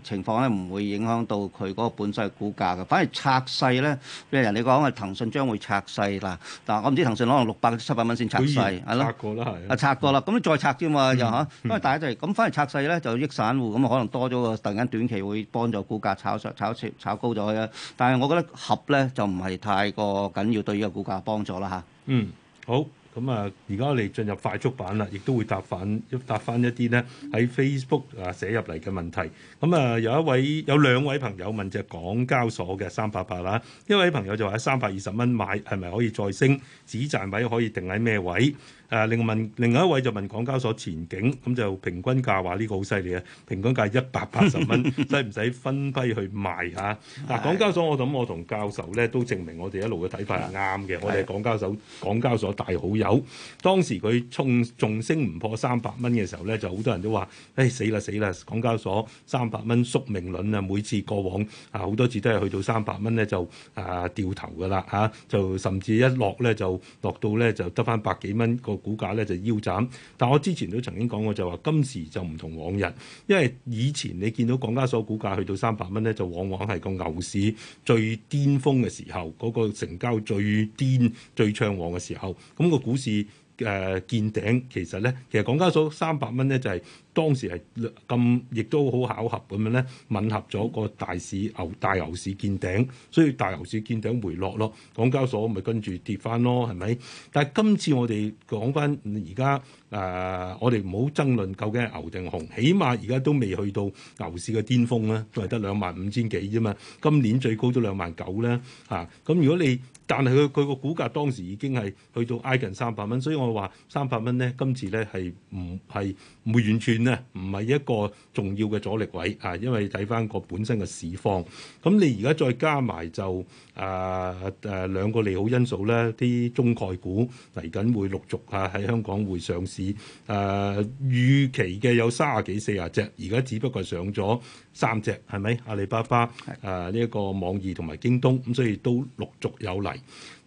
情況咧，唔會影響到佢嗰個本身嘅股價嘅。反而拆細咧，即係人哋講啊，騰訊將會拆細嗱嗱。我唔知騰訊可能六百七百蚊先拆細，係咯，拆過啦係，啊的拆過啦。咁的再拆啫嘛，又嚇、嗯。咁啊，大家就係咁，反而拆細咧就益散戶，咁啊可能多咗個突然間短期會幫助股價炒上炒炒、炒高咗佢啦。但係我覺得合咧就唔係太過緊要對呢個股價幫助啦嚇。啊、嗯，好。咁啊，而家我哋進入快速版啦，亦都會答返答翻一啲咧喺 Facebook 啊寫入嚟嘅問題。咁啊，有一位有兩位朋友問隻港交所嘅三八八啦，8, 一位朋友就話三百二十蚊買係咪可以再升，止賺位可以定喺咩位？誒、啊，另問，另外一位就問港交所前景，咁就平均價話呢個好犀利啊！平均價一百八十蚊，使唔使分批去賣嚇、啊？嗱、 啊，港交所我諗，我同教授咧都證明我哋一路嘅睇法係啱嘅， 我哋係港交所港交所大好友。當時佢衝眾升唔破三百蚊嘅時候咧，就好多人都話，誒、哎、死啦死啦！港交所三百蚊宿命論啊！每次過往啊好多次都係去到三百蚊咧就啊掉頭㗎啦嚇，就甚至一落咧就落到咧就得翻百幾蚊個。股價咧就腰斬，但我之前都曾經講過，就話今時就唔同往日，因為以前你見到港交所股價去到三百蚊咧，就往往係個牛市最巔峰嘅時候，嗰個成交最癲最暢旺嘅時候，咁個股市。誒、呃、見頂，其實咧，其實港交所三百蚊咧，就係、是、當時係咁，亦都好巧合咁樣咧，吻合咗個大市牛大牛市見頂，所以大牛市見頂回落咯，港交所咪跟住跌翻咯，係咪？但係今次我哋講翻而家誒，我哋唔好爭論究竟係牛定熊，起碼而家都未去到牛市嘅巔峰啦，都係得兩萬五千幾啫嘛，今年最高都兩萬九啦，嚇、啊！咁如果你但係佢佢個股價當時已經係去到挨近三百蚊，所以我話三百蚊咧，今次咧係唔係唔會完全咧唔係一個重要嘅阻力位啊，因為睇翻個本身嘅市況。咁你而家再加埋就啊誒、啊、兩個利好因素咧，啲中概股嚟緊會陸續啊喺香港會上市。誒、啊、預期嘅有三十幾四十隻，而家只不過上咗三隻，係咪阿里巴巴？係呢一個網易同埋京東咁，所以都陸續有嚟。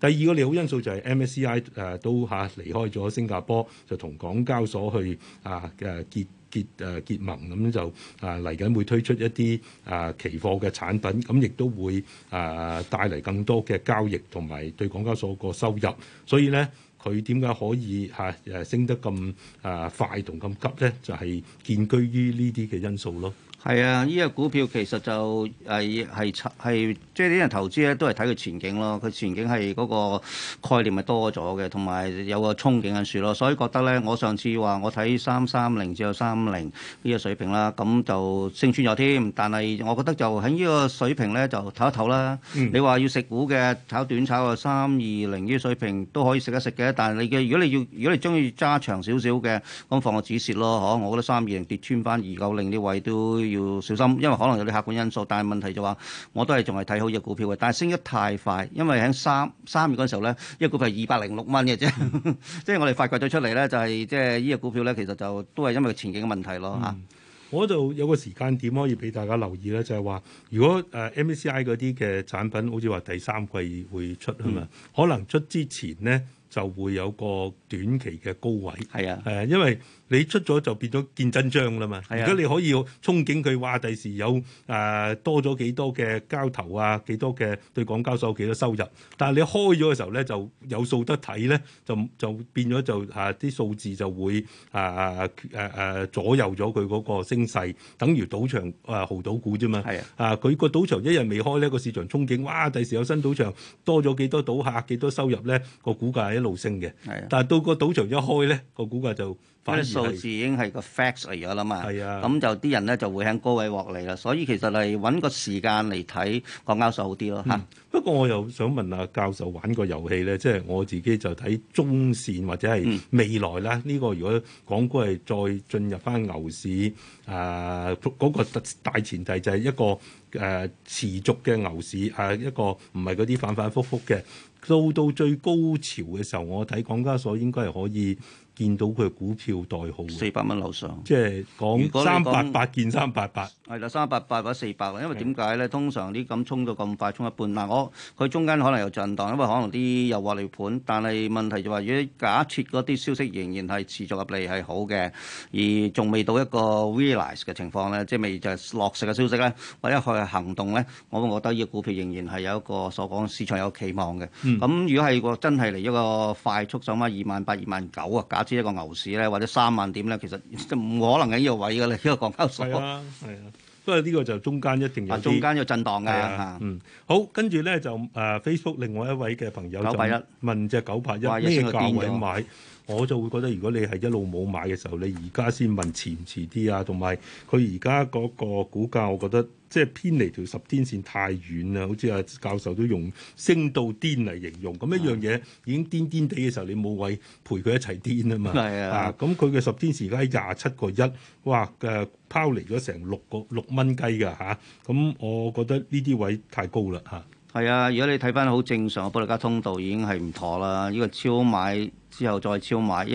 第二個利好因素就係 MSCI 誒都嚇離開咗新加坡，就同港交所去啊嘅結結誒結盟，咁就啊嚟緊會推出一啲啊期貨嘅產品，咁亦都會啊帶嚟更多嘅交易同埋對港交所個收入。所以咧，佢點解可以嚇誒、啊、升得咁啊快同咁急咧？就係、是、建居於呢啲嘅因素咯。係啊，呢、這個股票其實就係係係即係啲人投資咧，都係睇佢前景咯。佢前景係嗰、那個概念咪多咗嘅，同埋有個憧憬嘅住咯。所以覺得咧，我上次話我睇三三零至到三零呢個水平啦，咁就升穿咗添。但係我覺得就喺呢個水平咧，就唞一唞啦。嗯、你話要食股嘅炒短炒啊，三二零呢個水平都可以食一食嘅。但係你嘅如果你要如果你中意揸長少少嘅，咁放個止蝕咯，嗬？我覺得三二零跌穿翻二九零呢位都。要小心，因為可能有啲客觀因素，但係問題就話，我都係仲係睇好依隻股票嘅。但係升得太快，因為喺三三月嗰時候咧，依、這、隻、個、股票係二百零六蚊嘅啫。即係、嗯、 我哋發掘咗出嚟咧，就係即係呢隻股票咧，其實就都係因為前景嘅問題咯嚇、嗯。我就有個時間點可以俾大家留意咧，就係、是、話，如果誒 MSCI 嗰啲嘅產品，好似話第三季會出啊嘛，嗯、可能出之前咧就會有個短期嘅高位。係啊，係啊，因為。你出咗就變咗見真章啦嘛！如果的你可以憧憬佢話第時有誒、呃、多咗幾多嘅交投啊，幾多嘅對港交所有幾多收入，但係你開咗嘅時候咧，就有數得睇咧，就就變咗就啊啲數字就會啊啊誒、啊啊、左右咗佢嗰個升勢，等於賭場啊豪賭股啫嘛！係的啊，啊佢個賭場一日未開呢、個市場憧憬，哇！第時有新賭場多咗幾多賭客、幾多收入咧，個股價係一路升嘅。係啊的，的但係到個賭場一開咧，個股價就～嗰啲數字已經係個 facts 嚟咗啦嘛，咁、啊、就啲人咧就會向高位獲利啦。所以其實係揾個時間嚟睇港交所好啲咯嚇。嗯嗯、不過我又想問阿教授玩個遊戲咧，即、就、係、是、我自己就睇中線或者係未來啦。呢、嗯、個如果港股係再進入翻牛市，誒、呃、嗰、那個大前提就係一個誒、呃、持續嘅牛市，誒、呃、一個唔係嗰啲反反覆覆嘅。到到最高潮嘅時候，我睇港交所應該係可以。見到佢股票代號四百蚊樓上，即係講三八八見三八八，係啦，三八八或者四百。因為點解咧？通常啲咁衝到咁快，衝一半。嗱的，我佢、哦、中間可能有震盪，因為可能啲又獲利盤。但係問題就話、是，如果假設嗰啲消息仍然係持續入嚟係好嘅，而仲未到一個 realize 嘅情況咧，即係未就落實嘅消息咧，或者去行動咧，我覺得呢個股票仍然係有一個所講市場有期望嘅。咁、嗯、如果係真係嚟一個快速上翻二萬八、二萬九啊，假知一個牛市咧，或者三萬點咧，其實唔可能喺呢個位噶啦，因為港交所。係啊，係啊，不過呢個就中間一定有啲。中間有震盪嘅、啊啊，嗯。好，跟住咧就誒、呃、Facebook 另外一位嘅朋友一九百一問隻九百一咩價位買？我就會覺得，如果你係一路冇買嘅時候，你而家先問遲唔遲啲啊，同埋佢而家嗰個股價、啊啊嗯啊嗯，我覺得即係偏離條十天線太遠啦。好似阿教授都用升到癲嚟形容，咁一樣嘢已經癲癲地嘅時候，你冇位陪佢一齊癲啊嘛。係啊，咁佢嘅十天線而家喺廿七個一，哇嘅拋離咗成六個六蚊雞㗎嚇。咁我覺得呢啲位太高啦嚇。係啊，啊，如果你睇翻好正常嘅保力加通道已經係唔妥啦，呢、這個超買。之後再超買，一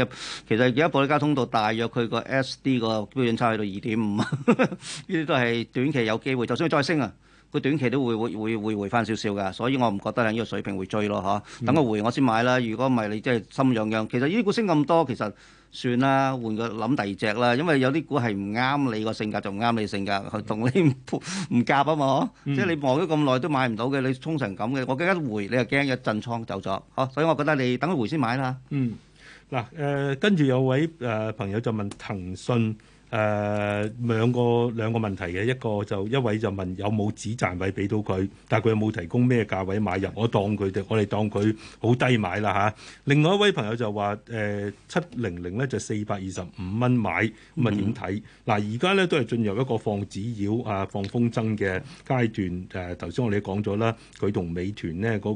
其實而家保歷加通道大約佢個 SD 個標準差去到二點五，呢啲都係短期有機會。就算佢再升啊，佢短期都會會會回翻少少嘅，所以我唔覺得喺呢個水平會追咯，嚇、啊。等佢回我先買啦。如果唔係你真係心癢癢，其實呢啲股升咁多，其實。算啦，換個諗第二隻啦，因為有啲股係唔啱你個性格，就唔啱你性格，同你唔夾啊嘛，嗯、即係你望咗咁耐都買唔到嘅，你沖成咁嘅，我記得回你又驚一陣倉走咗，好，所以我覺得你等一回先買啦。嗯，嗱、呃，誒跟住有位誒、呃、朋友就問騰訊。誒、uh, 兩個兩個問題嘅，一個就一位就問有冇止賺位俾到佢，但係佢有冇提供咩價位買入？我當佢哋，我哋當佢好低買啦嚇。另外一位朋友就話誒七零零咧就四百二十五蚊買咁啊點睇？嗱，而家咧都係進入一個放紙鷂啊放風箏嘅階段。誒頭先我哋講咗啦，佢、啊、同美團呢嗰、那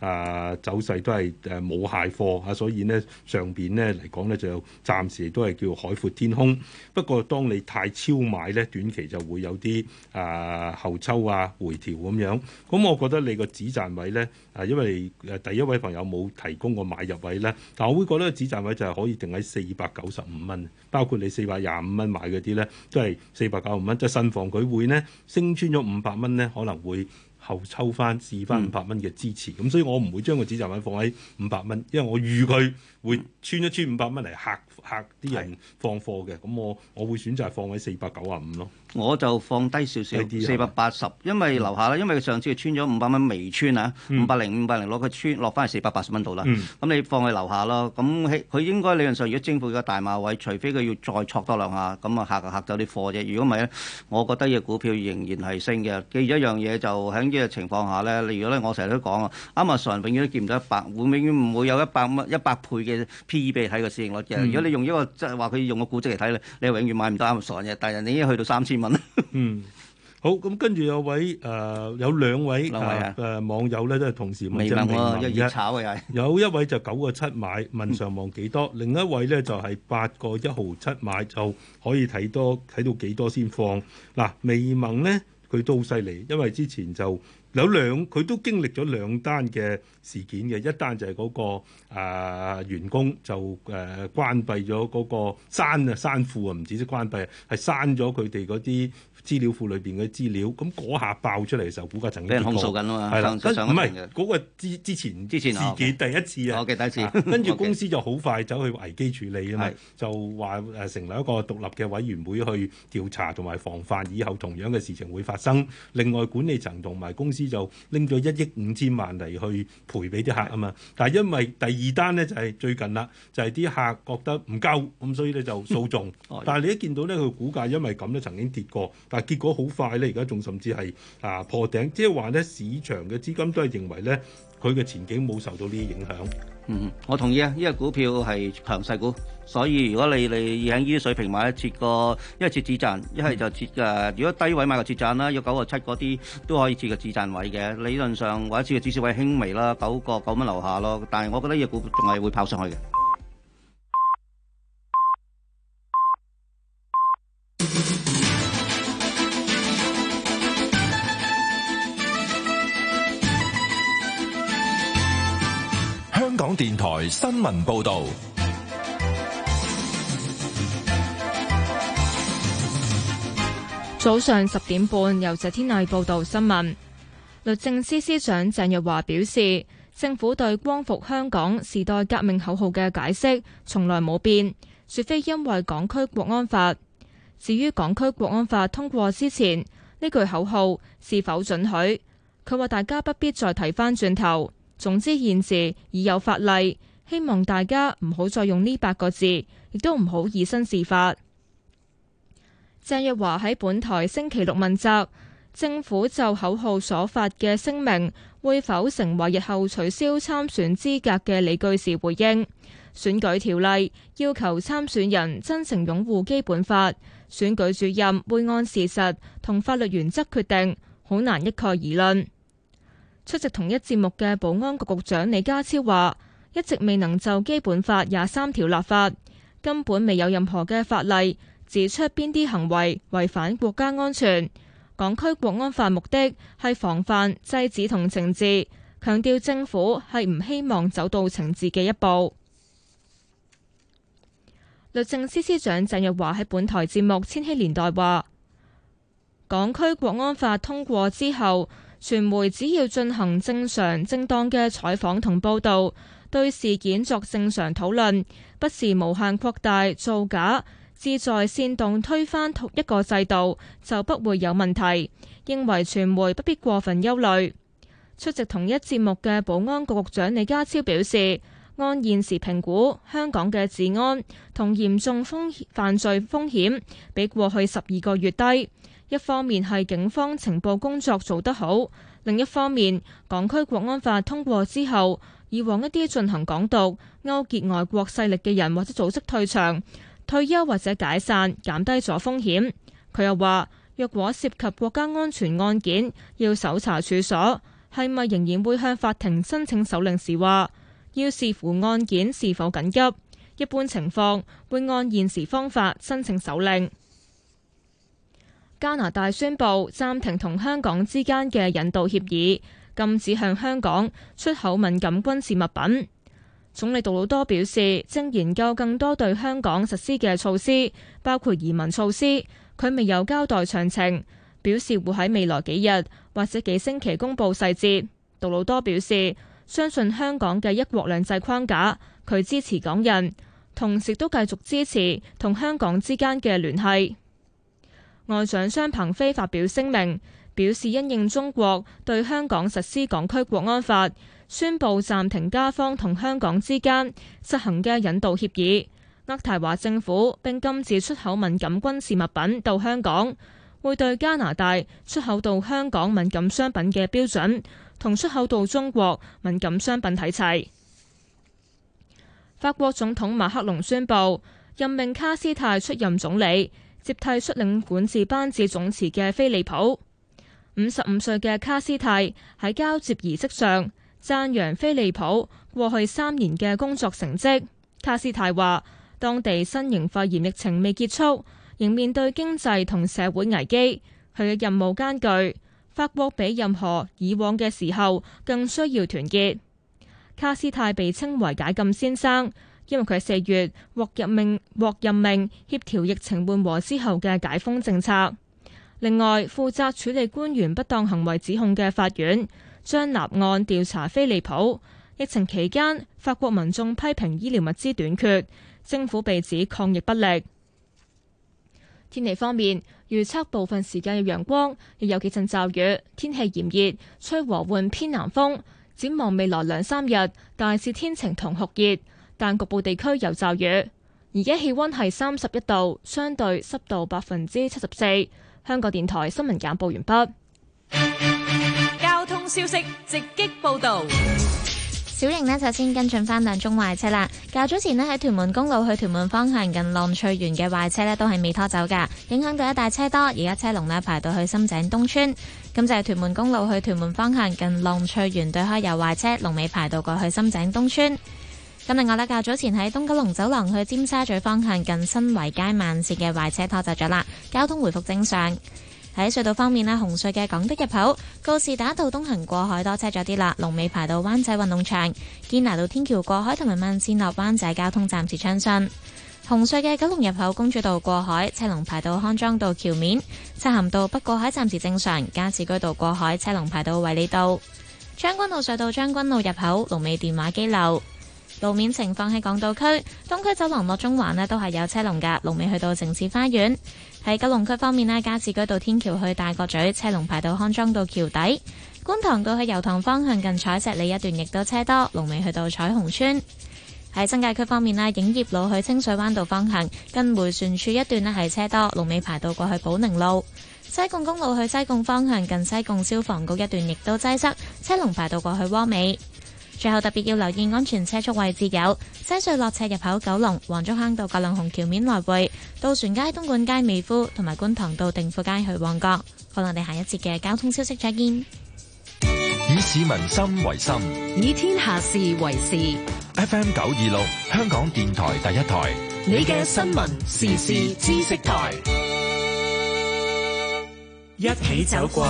個、啊、走勢都係誒冇蟹貨嚇、啊，所以呢，上邊呢嚟講呢，就暫時都係叫海闊天空，不不過當你太超買咧，短期就會有啲、呃、啊後抽、啊回調咁樣。咁我覺得你個止賺位咧啊，因為第一位朋友冇提供個買入位咧，但我會覺得個止賺位就係可以定喺四百九十五蚊。包括你四百廿五蚊買嗰啲咧，都係四百九十五蚊。即係新房佢會呢，升穿咗五百蚊咧，可能會後抽翻試翻五百蚊嘅支持。咁、嗯、所以我唔會將個止賺位放喺五百蚊，因為我預佢會穿一穿五百蚊嚟嚇。嚇啲人放貨嘅，咁是我我會選擇放喺四百九啊五咯。我就放低少少，四百八十，因為樓下啦，嗯、因為上次佢穿咗五百蚊微穿啊，五百零五百零攞佢穿落翻係四百八十蚊度啦。咁、嗯、你放去樓下咯。咁佢佢應該理論上如果徵庫嘅大碼位，除非佢要再戳多兩下，咁啊嚇嚇走啲貨啫。如果唔係咧，我覺得嘅股票仍然係升嘅。記住一樣嘢就喺呢個情況下咧，例如咧，我成日都講啊，啱啊，Amazon 永遠都見唔到一百，會永遠唔會有一百蚊一百倍嘅 P/E 比喺個市盈率嘅。如果你用一個即係話佢用個估值嚟睇咧，你係永遠買唔到啊！傻嘢，但係你已經去到三千蚊。嗯，好，咁跟住有位誒有兩位誒網友咧，都係同時問即係微盟，又炒嘅又係有一位就九個七買問上望幾多，另一位咧就係八個一毫七買就可以睇多睇到幾多先放嗱，微盟咧佢都好犀利，因為之前就。有兩，佢都經歷咗兩單嘅事件嘅，一單就係嗰個啊、呃、員工就誒、呃、關閉咗嗰個刪啊刪庫啊，唔止係關閉啊，係刪咗佢哋嗰啲，資料庫裏邊嘅資料，咁嗰下爆出嚟嘅時候，股價曾經跌過。即係控訴緊啊嘛。係啦的，唔係嗰個之之前之前自己第一次啊。我嘅、哦，okay, 第一次。跟住、哦 okay, 公司就好快走去危機處理啊嘛。Okay. 就話誒成立一個獨立嘅委員會去調查同埋防範以後同樣嘅事情會發生。另外，管理層同埋公司就拎咗一億五千萬嚟去賠俾啲客啊嘛。的但係因為第二單呢，就係、是、最近啦，就係、是、啲客覺得唔夠咁，所以咧就訴訟。 但係你一見到呢，佢股價因為咁咧曾經跌過。但結果好快咧，而家仲甚至係啊破頂，即係話咧市場嘅資金都係認為咧佢嘅前景冇受到呢啲影響。嗯，我同意啊，呢個股票係強勢股，所以如果你你喺呢啲水平買，切個一係切止賺，一係就切誒。如果低位買就切賺啦，有九個七嗰啲都可以切個止賺位嘅。理論上或者切個止蝕位輕微啦，九個九蚊樓下咯。但係我覺得呢隻股仲係會跑上去嘅。電台新聞報道，早上十點半，由謝天麗報道新聞。律政司司長鄭若驊表示，政府對光復香港時代革命口號嘅解釋從來冇變，絕非因為港區國安法。至於港區國安法通過之前，呢句口號是否准許，佢話大家不必再提翻轉頭。總之，現時已有法例，希望大家唔好再用呢八個字，亦都唔好以身試法。鄭若驊喺本台星期六問責政府就口號所發嘅聲明，會否成為日後取消參選資格嘅理據時回應。選舉條例要求參選人真誠擁護基本法，選舉主任會按事實同法律原則決定，好難一概而論。出席同一節目嘅保安局局長李家超話：一直未能就基本法廿三條立法，根本未有任何嘅法例指出邊啲行為違反國家安全。港區國安法目的係防範、制止同懲治，強調政府係唔希望走到懲治嘅一步。律政司司長鄭若驊喺本台節目《千禧年代》話：港區國安法通過之後，傳媒只要進行正常、正當嘅採訪同報導，對事件作正常討論，不時無限擴大、造假，志在煽動推翻同一個制度，就不會有問題。認為傳媒不必過分憂慮。出席同一節目嘅保安局局長李家超表示，按現時評估，香港嘅治安同嚴重風犯罪風險比過去十二個月低。一方面係警方情報工作做得好，另一方面，港區國安法通過之後以往一啲進行港獨勾結外國勢力嘅人或者組織退場退休或者解散，減低咗風險，佢又話若果涉及國家安全案件，要搜查處所係咪仍然會向法庭申請手令時，話要視乎案件是否緊急，一般情況會按現時方法申請手令。加拿大宣布暫停同香港之間嘅引渡協議，禁止向香港出口敏感軍事物品。總理杜魯多表示，正研究更多對香港實施嘅措施，包括移民措施。佢未有交代詳情，表示會喺未來幾日或者幾星期公布細節。杜魯多表示，相信香港嘅一國兩制框架，佢支持港人，同時都繼續支持同香港之間嘅聯繫。外長商鵬飛發表聲明，表示因應中國對香港實施港區國安法，宣布暫停加方同香港之間執行嘅引渡協議。渥太華政府並禁止出口敏感軍事物品到香港，會對加拿大出口到香港敏感商品嘅標準同出口到中國敏感商品體制。法國總統馬克龍宣布任命卡斯泰出任總理。接替率領管治班子總辭嘅菲利普，五十五歲嘅卡斯泰喺交接儀式上讚揚菲利普過去三年嘅工作成績。卡斯泰話：當地新型肺炎疫情未結束，仍面對經濟同社會危機，佢嘅任務艱巨。法國比任何以往嘅時候更需要團結。卡斯泰被稱為解禁先生。因為佢喺四月獲任命獲任命協調疫情緩和之後嘅解封政策。另外，負責處理官員不當行為指控嘅法院將立案調查菲利普。疫情期間，法國民眾批評醫療物資短缺，政府被指抗疫不力。天氣方面，預測部分時間有陽光，亦有，有幾陣驟雨。天氣炎熱，吹和緩偏南風。展望未來兩三日，大致天晴同酷熱。但局部地區有驟雨，而家氣溫係三十一度，相對濕度百分之七十四。香港電台新聞簡報完畢。交通消息直擊報道，小瑩呢就先跟進翻兩宗壞車啦。較早前呢，喺屯門公路去屯門方向近浪翠園嘅壞車呢都係未拖走噶，影響到一大車多，而家車龍呢排到去深井東村。咁就係屯門公路去屯門方向近浪翠園對開有壞車，龍尾排到過去深井東村。今日我哋較早前喺東九龍走廊去尖沙咀方向近新圍街慢線嘅壞車拖走咗啦，交通回復正常。喺隧道方面呢，紅隧嘅港島入口告士打道東行過海多車咗啲啦，龍尾排到灣仔運動場堅拿道天橋過海同埋慢線落灣仔，交通暫時暢順。紅隧嘅九龍入口公主道過海車龍排到康莊道橋面，漆咸道北過海暫時正常，加士居道過海車龍排到衛理道，將軍澳隧道將軍澳入口龍尾電話機樓。路面情況喺港島區東區走廊落中環呢，都係有車龍㗎，龍尾去到城市花園。喺九龍區方面呢，加士居道天橋去大角咀車龍排到康莊道橋底。觀塘道去油塘方向近彩石里一段亦都車多，龍尾去到彩虹村。喺新界區方面呢，影業路去清水灣道方向近迴旋處一段呢係車多，龍尾排到過去寶寧路。西貢公路去西貢方向近西貢消防局一段亦都擠塞，車龍排到過去窩美。最後特別要留意安全車速位置，有西隧落斜入口九龍、九龍黃竹坑到九龍紅橋面來回、渡船街、東莞街、美孚同埋觀塘到定富街去旺角。好，我哋下一節嘅交通消息再見。以市民心為心，以天下事為事。FM 九二六，香港電台第一台，你嘅新聞時事知識台，一起走過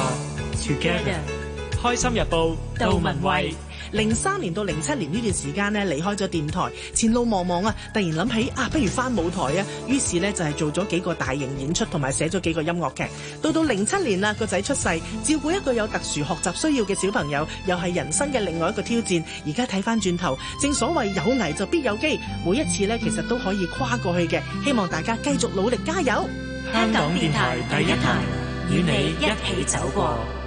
，Together，, Together 開心日報，杜文蔚。零三年到零七年呢段時間呢，離開咗電台，前路茫茫啊！突然諗起啊，不如翻舞台啊！於是呢就係做咗幾個大型演出，同埋寫咗幾個音樂劇。到到零七年啦，個仔出世，照顧一個有特殊學習需要嘅小朋友，又係人生嘅另外一個挑戰。而家睇翻轉頭，正所謂有危就必有機，每一次呢其實都可以跨過去嘅。希望大家繼續努力加油！香港電台第一台，與你一起走過。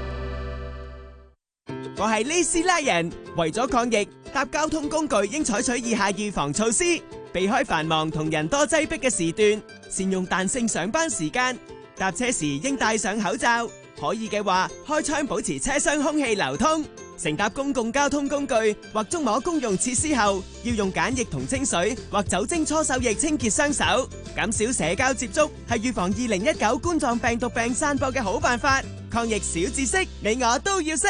我係李斯拉人，為咗抗疫，搭交通工具應採取以下預防措施：避開繁忙同人多擠迫嘅時段，善用彈性上班時間。搭車時應戴上口罩，可以嘅話開窗保持車廂空氣流通。乘搭公共交通工具或觸摸公用設施後，要用梘液同清水或酒精搓手液清潔雙手。減少社交接觸係預防二零一九冠狀病毒病散播嘅好辦法。抗疫小知識，你我都要識。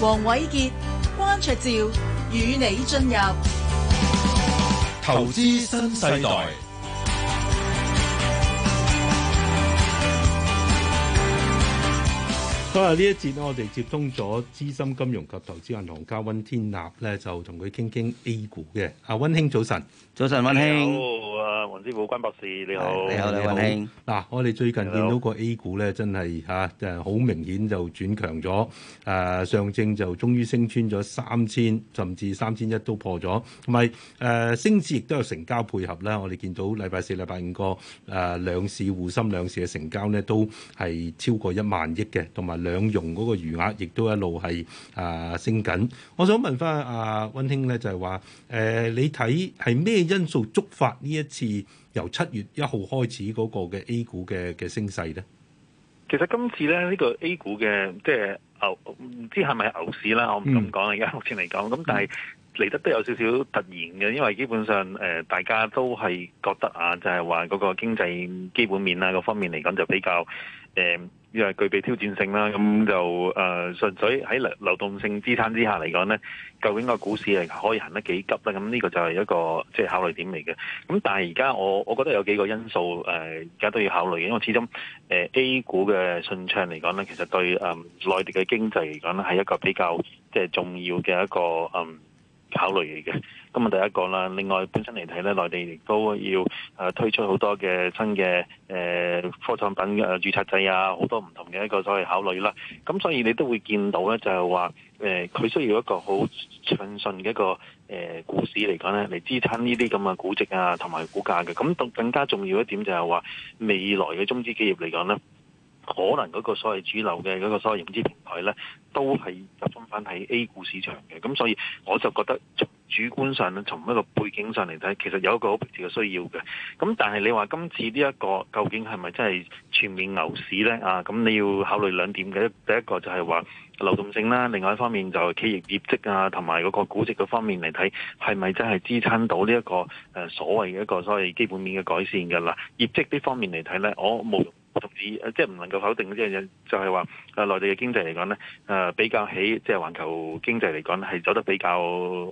黃瑋傑、關焯照與你進入投資新世代。咁啊！呢一節咧，我哋接通咗資深金融及投資銀行家溫天納咧，就同佢傾傾 A 股嘅。阿溫兄早晨。早晨，溫馨。你好，阿黃師傅，關博士，你好。你好，你好。溫兄，嗱，我哋最近見到個 A 股咧，真係吓，就係好明顯就轉強咗。誒，上證就終於升穿咗三千，甚至三千一都破咗。同埋誒，升市亦都有成交配合啦。我哋見到禮拜四、禮拜五個誒兩市滬深兩市嘅成交呢，都係超過一萬億嘅，同埋兩融嗰個餘額亦都一路係啊升緊。我想問翻阿溫兄咧，就係話誒，你睇係咩？因素觸發呢一次由七月一號開始嗰個嘅 A 股嘅嘅升勢咧，其實今次咧呢個 A 股嘅即係牛唔知係咪牛市啦，我唔敢講啊。而家目前嚟講，咁但係嚟得都有少少突然嘅，因為基本上誒大家都係覺得啊，就係話嗰個經濟基本面啊嗰方面嚟講就比較誒。因為具備挑戰性啦，咁就誒、呃、純粹喺流流動性支撐之下嚟講咧，究竟個股市係可以行得幾急咧？咁呢個就係一個即係、就是、考慮點嚟嘅。咁但係而家我我覺得有幾個因素誒，而、呃、家都要考慮嘅，因為始終誒、呃、A 股嘅順暢嚟講咧，其實對誒、呃、內地嘅經濟嚟講咧，係一個比較即係、就是、重要嘅一個誒。呃考慮嚟嘅，咁啊第一個啦，另外本身嚟睇咧，內地亦都要誒、啊、推出好多嘅新嘅誒、呃、科創品誒註冊制啊，好多唔同嘅一個所謂考慮啦。咁所以你都會見到咧，就係話誒，佢、呃、需要一個好暢順嘅一個誒、呃、股市嚟講咧，嚟支撐呢啲咁嘅估值啊同埋股價嘅。咁更更加重要一點就係話未來嘅中資企業嚟講咧。可能嗰個所謂主流嘅嗰、那個所謂融資平台呢，都係集中翻喺 A 股市場嘅。咁所以我就覺得，從主觀上咧，從一個背景上嚟睇，其實有一個好迫切嘅需要嘅。咁但係你話今次呢、這、一個究竟係咪真係全面牛市呢？啊，咁你要考慮兩點嘅。第一個就係話流動性啦，另外一方面就係企業業績啊，同埋嗰個估值嗰方面嚟睇，係咪真係支撐到呢、這、一個誒、呃、所謂嘅一個所謂基本面嘅改善嘅啦？業績呢方面嚟睇呢，我冇。我同意，即係唔能夠否定呢樣嘢，就係話內地嘅經濟嚟講咧，誒比較起即係環球經濟嚟講，係走得比較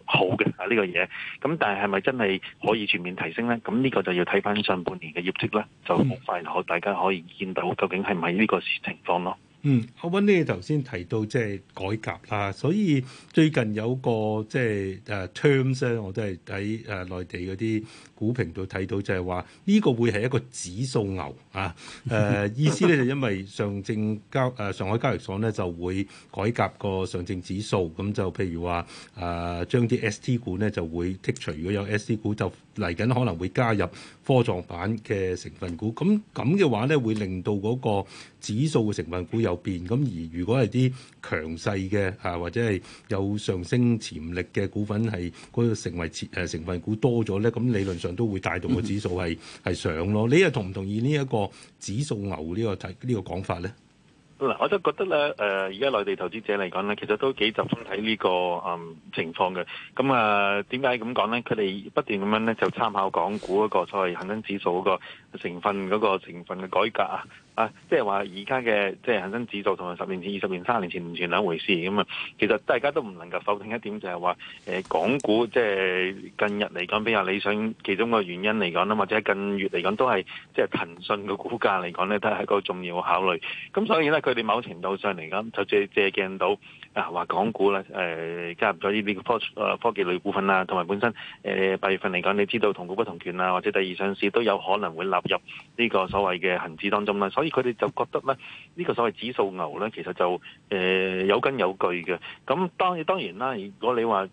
好嘅啊，呢個嘢。咁但係係咪真係可以全面提升咧？咁呢個就要睇翻上半年嘅業績啦，就冇發現可大家可以見到究竟係唔係呢個情況咯。 嗯，阿溫咧頭先提到即係改革啦，所以最近有個即係誒 terms 咧，uh, Term s, 我都係喺誒內地嗰啲股評度睇到就，就係話呢個會係一個指數牛啊！誒 意思咧就因為上證交誒、啊、上海交易所咧就會改革個上證指數，咁就譬如話誒將啲 ST 股咧就會剔除，如果有 ST 股就嚟緊可能會加入科創板嘅成分股，咁咁嘅話咧會令到嗰個指數嘅成分股有邊咁，而如果係啲強勢嘅，吓或者係有上升潛力嘅股份係嗰、嗰個成為成、呃、成分股多咗咧，咁理論上都會帶動個指數係係上咯。你又同唔同意呢一個指數牛、這個這個、呢個提呢個講法咧？嗱，我都覺得咧，誒、呃，而家內地投資者嚟講咧，其實都幾集中睇、這個呃呃、呢個誒情況嘅。咁啊，點解咁講咧？佢哋不斷咁樣咧，就參考港股嗰個所謂恆生指數嗰個。成分嗰、那個成分嘅改革啊啊，即係話而家嘅即係恒生指數同埋十年前、二十年、三十年前唔同兩回事咁啊、嗯。其實大家都唔能夠否定一點就、欸，就係話誒港股即係近日嚟講，比較理想，其中個原因嚟講啦，或者近月嚟講都係即係騰訊嘅股價嚟講咧，都係一個重要考慮。咁所以咧，佢哋某程度上嚟講，就借借鏡到。啊，話港股啦，誒、呃，加入咗呢啲科誒科技類股份啦，同埋本身誒八、呃、月份嚟講，你知道同股不同權啊，或者第二上市都有可能會納入呢個所謂嘅恆指當中啦，所以佢哋就覺得咧，呢、這個所謂指數牛咧，其實就誒、呃、有根有據嘅。咁當然當然啦，如果你話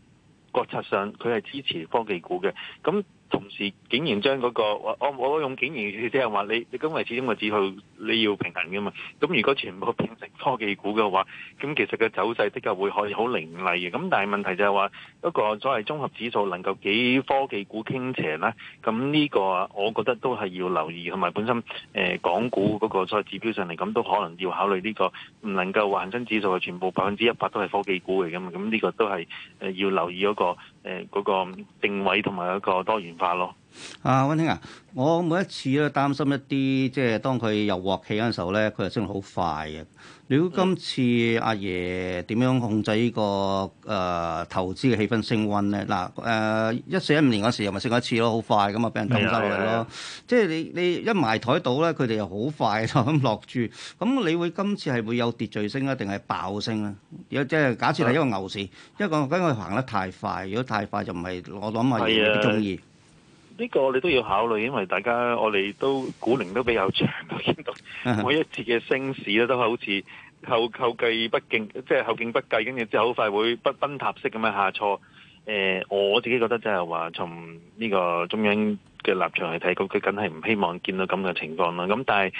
國策上佢係支持科技股嘅，咁。同時竟然將嗰、那個我我我用竟然即係話你你因為始終個指數你要平衡噶嘛，咁如果全部變成科技股嘅話，咁其實個走勢的確會可以好凌厲嘅。咁但係問題就係話一個所謂綜合指數能夠幾科技股傾斜咧，咁呢個我覺得都係要留意，同埋本身誒、呃、港股嗰個所謂指標上嚟，咁都可能要考慮呢、這個唔能夠話恒生指數係全部百分之一百都係科技股嚟噶嘛，咁呢個都係誒要留意嗰、那個。誒嗰個定位同埋一個多元化咯。啊，溫馨啊，我每一次咧擔心一啲，即係當佢又惑起嗰陣時候咧，佢又升得好快嘅。如果今次阿爺點樣控制呢、呢個誒、呃、投資嘅氣氛升溫咧？嗱、呃、誒，一四一五年嗰時又咪升一次咯，好快咁啊，俾人撳走咗咯。即係你你一埋台到咧，佢哋又好快就咁落注。咁你會今次係會有秩序升啊，定係爆升咧？如果即係假設係一個牛市，一個的因為行得太快，如果太快就唔係我諗下，爺會中意。呢個你都要考慮，因為大家我哋都股齡都比較長，都見到每一次嘅升市咧，都好似後後繼不勁，即係後勁不繼，跟住之後好快會不崩塌式咁樣下挫。誒、呃，我自己覺得即係話從呢個中央嘅立場嚟睇，佢佢梗係唔希望見到咁嘅情況啦。咁、嗯、但係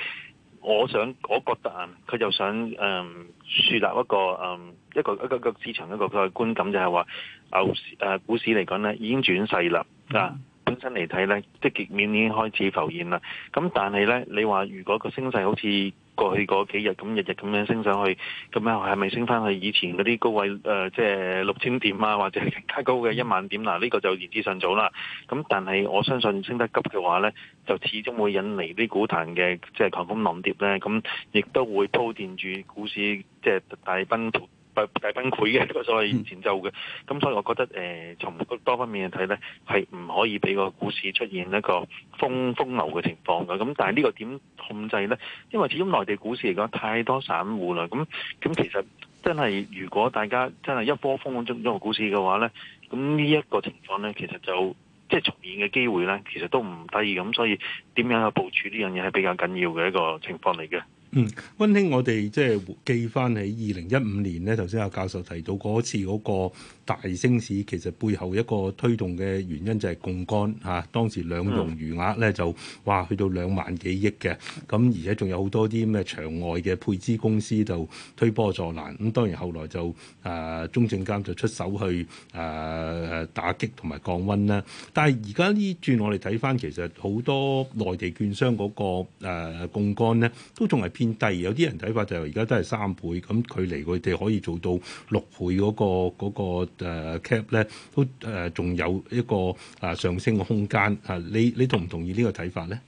我想，我覺得啊，佢就想誒樹、呃、立一個誒、呃、一個一個一個市場一個一個觀感就，就係話牛誒、呃、股市嚟講咧已經轉勢啦。嗯真嚟睇呢，即係局面已經開始浮現啦。咁但係呢，你話如果個升勢好似過去嗰幾日咁日日咁樣升上去，咁樣係咪升翻去以前嗰啲高位？誒、呃，即係六千點啊，或者係更高嘅一萬點嗱？呢個就言之尚早啦。咁但係我相信升得急嘅話呢，就始終會引嚟啲股壇嘅即係狂風浪跌呢，咁亦都會鋪墊住股市即係、就是、大崩盤。大崩潰嘅呢個所謂前奏嘅，咁所以我覺得誒、呃，從多方面去睇咧，係唔可以俾個股市出現一個風風流嘅情況嘅。咁但係呢個點控制咧？因為始終內地股市嚟講，太多散戶啦。咁咁其實真係如果大家真係一波風浪中個股市嘅話咧，咁呢一個情況咧，其實就即係重演嘅機會咧，其實都唔低。咁所以點樣去部署呢樣嘢係比較緊要嘅一個情況嚟嘅。嗯，溫馨，我哋即係記翻起二零一五年咧，頭先阿教授提到嗰次嗰、嗰個。大升市其實背後一個推動嘅原因就係槓桿吓，當時兩融餘額咧就哇去到兩萬幾億嘅，咁、啊、而且仲有好多啲咩場外嘅配資公司就推波助瀾，咁、啊、當然後來就誒、啊、中證監就出手去誒、啊、打擊同埋降溫啦、啊。但係而家呢轉我哋睇翻，其實好多內地券商嗰、那個誒槓桿咧都仲係偏低，有啲人睇法就係而家都係三倍，咁距離佢哋可以做到六倍嗰個嗰個。那個那個誒、uh, cap 咧，都誒仲、uh, 有一個啊上升嘅空間啊！你你同唔同意呢個睇法呢？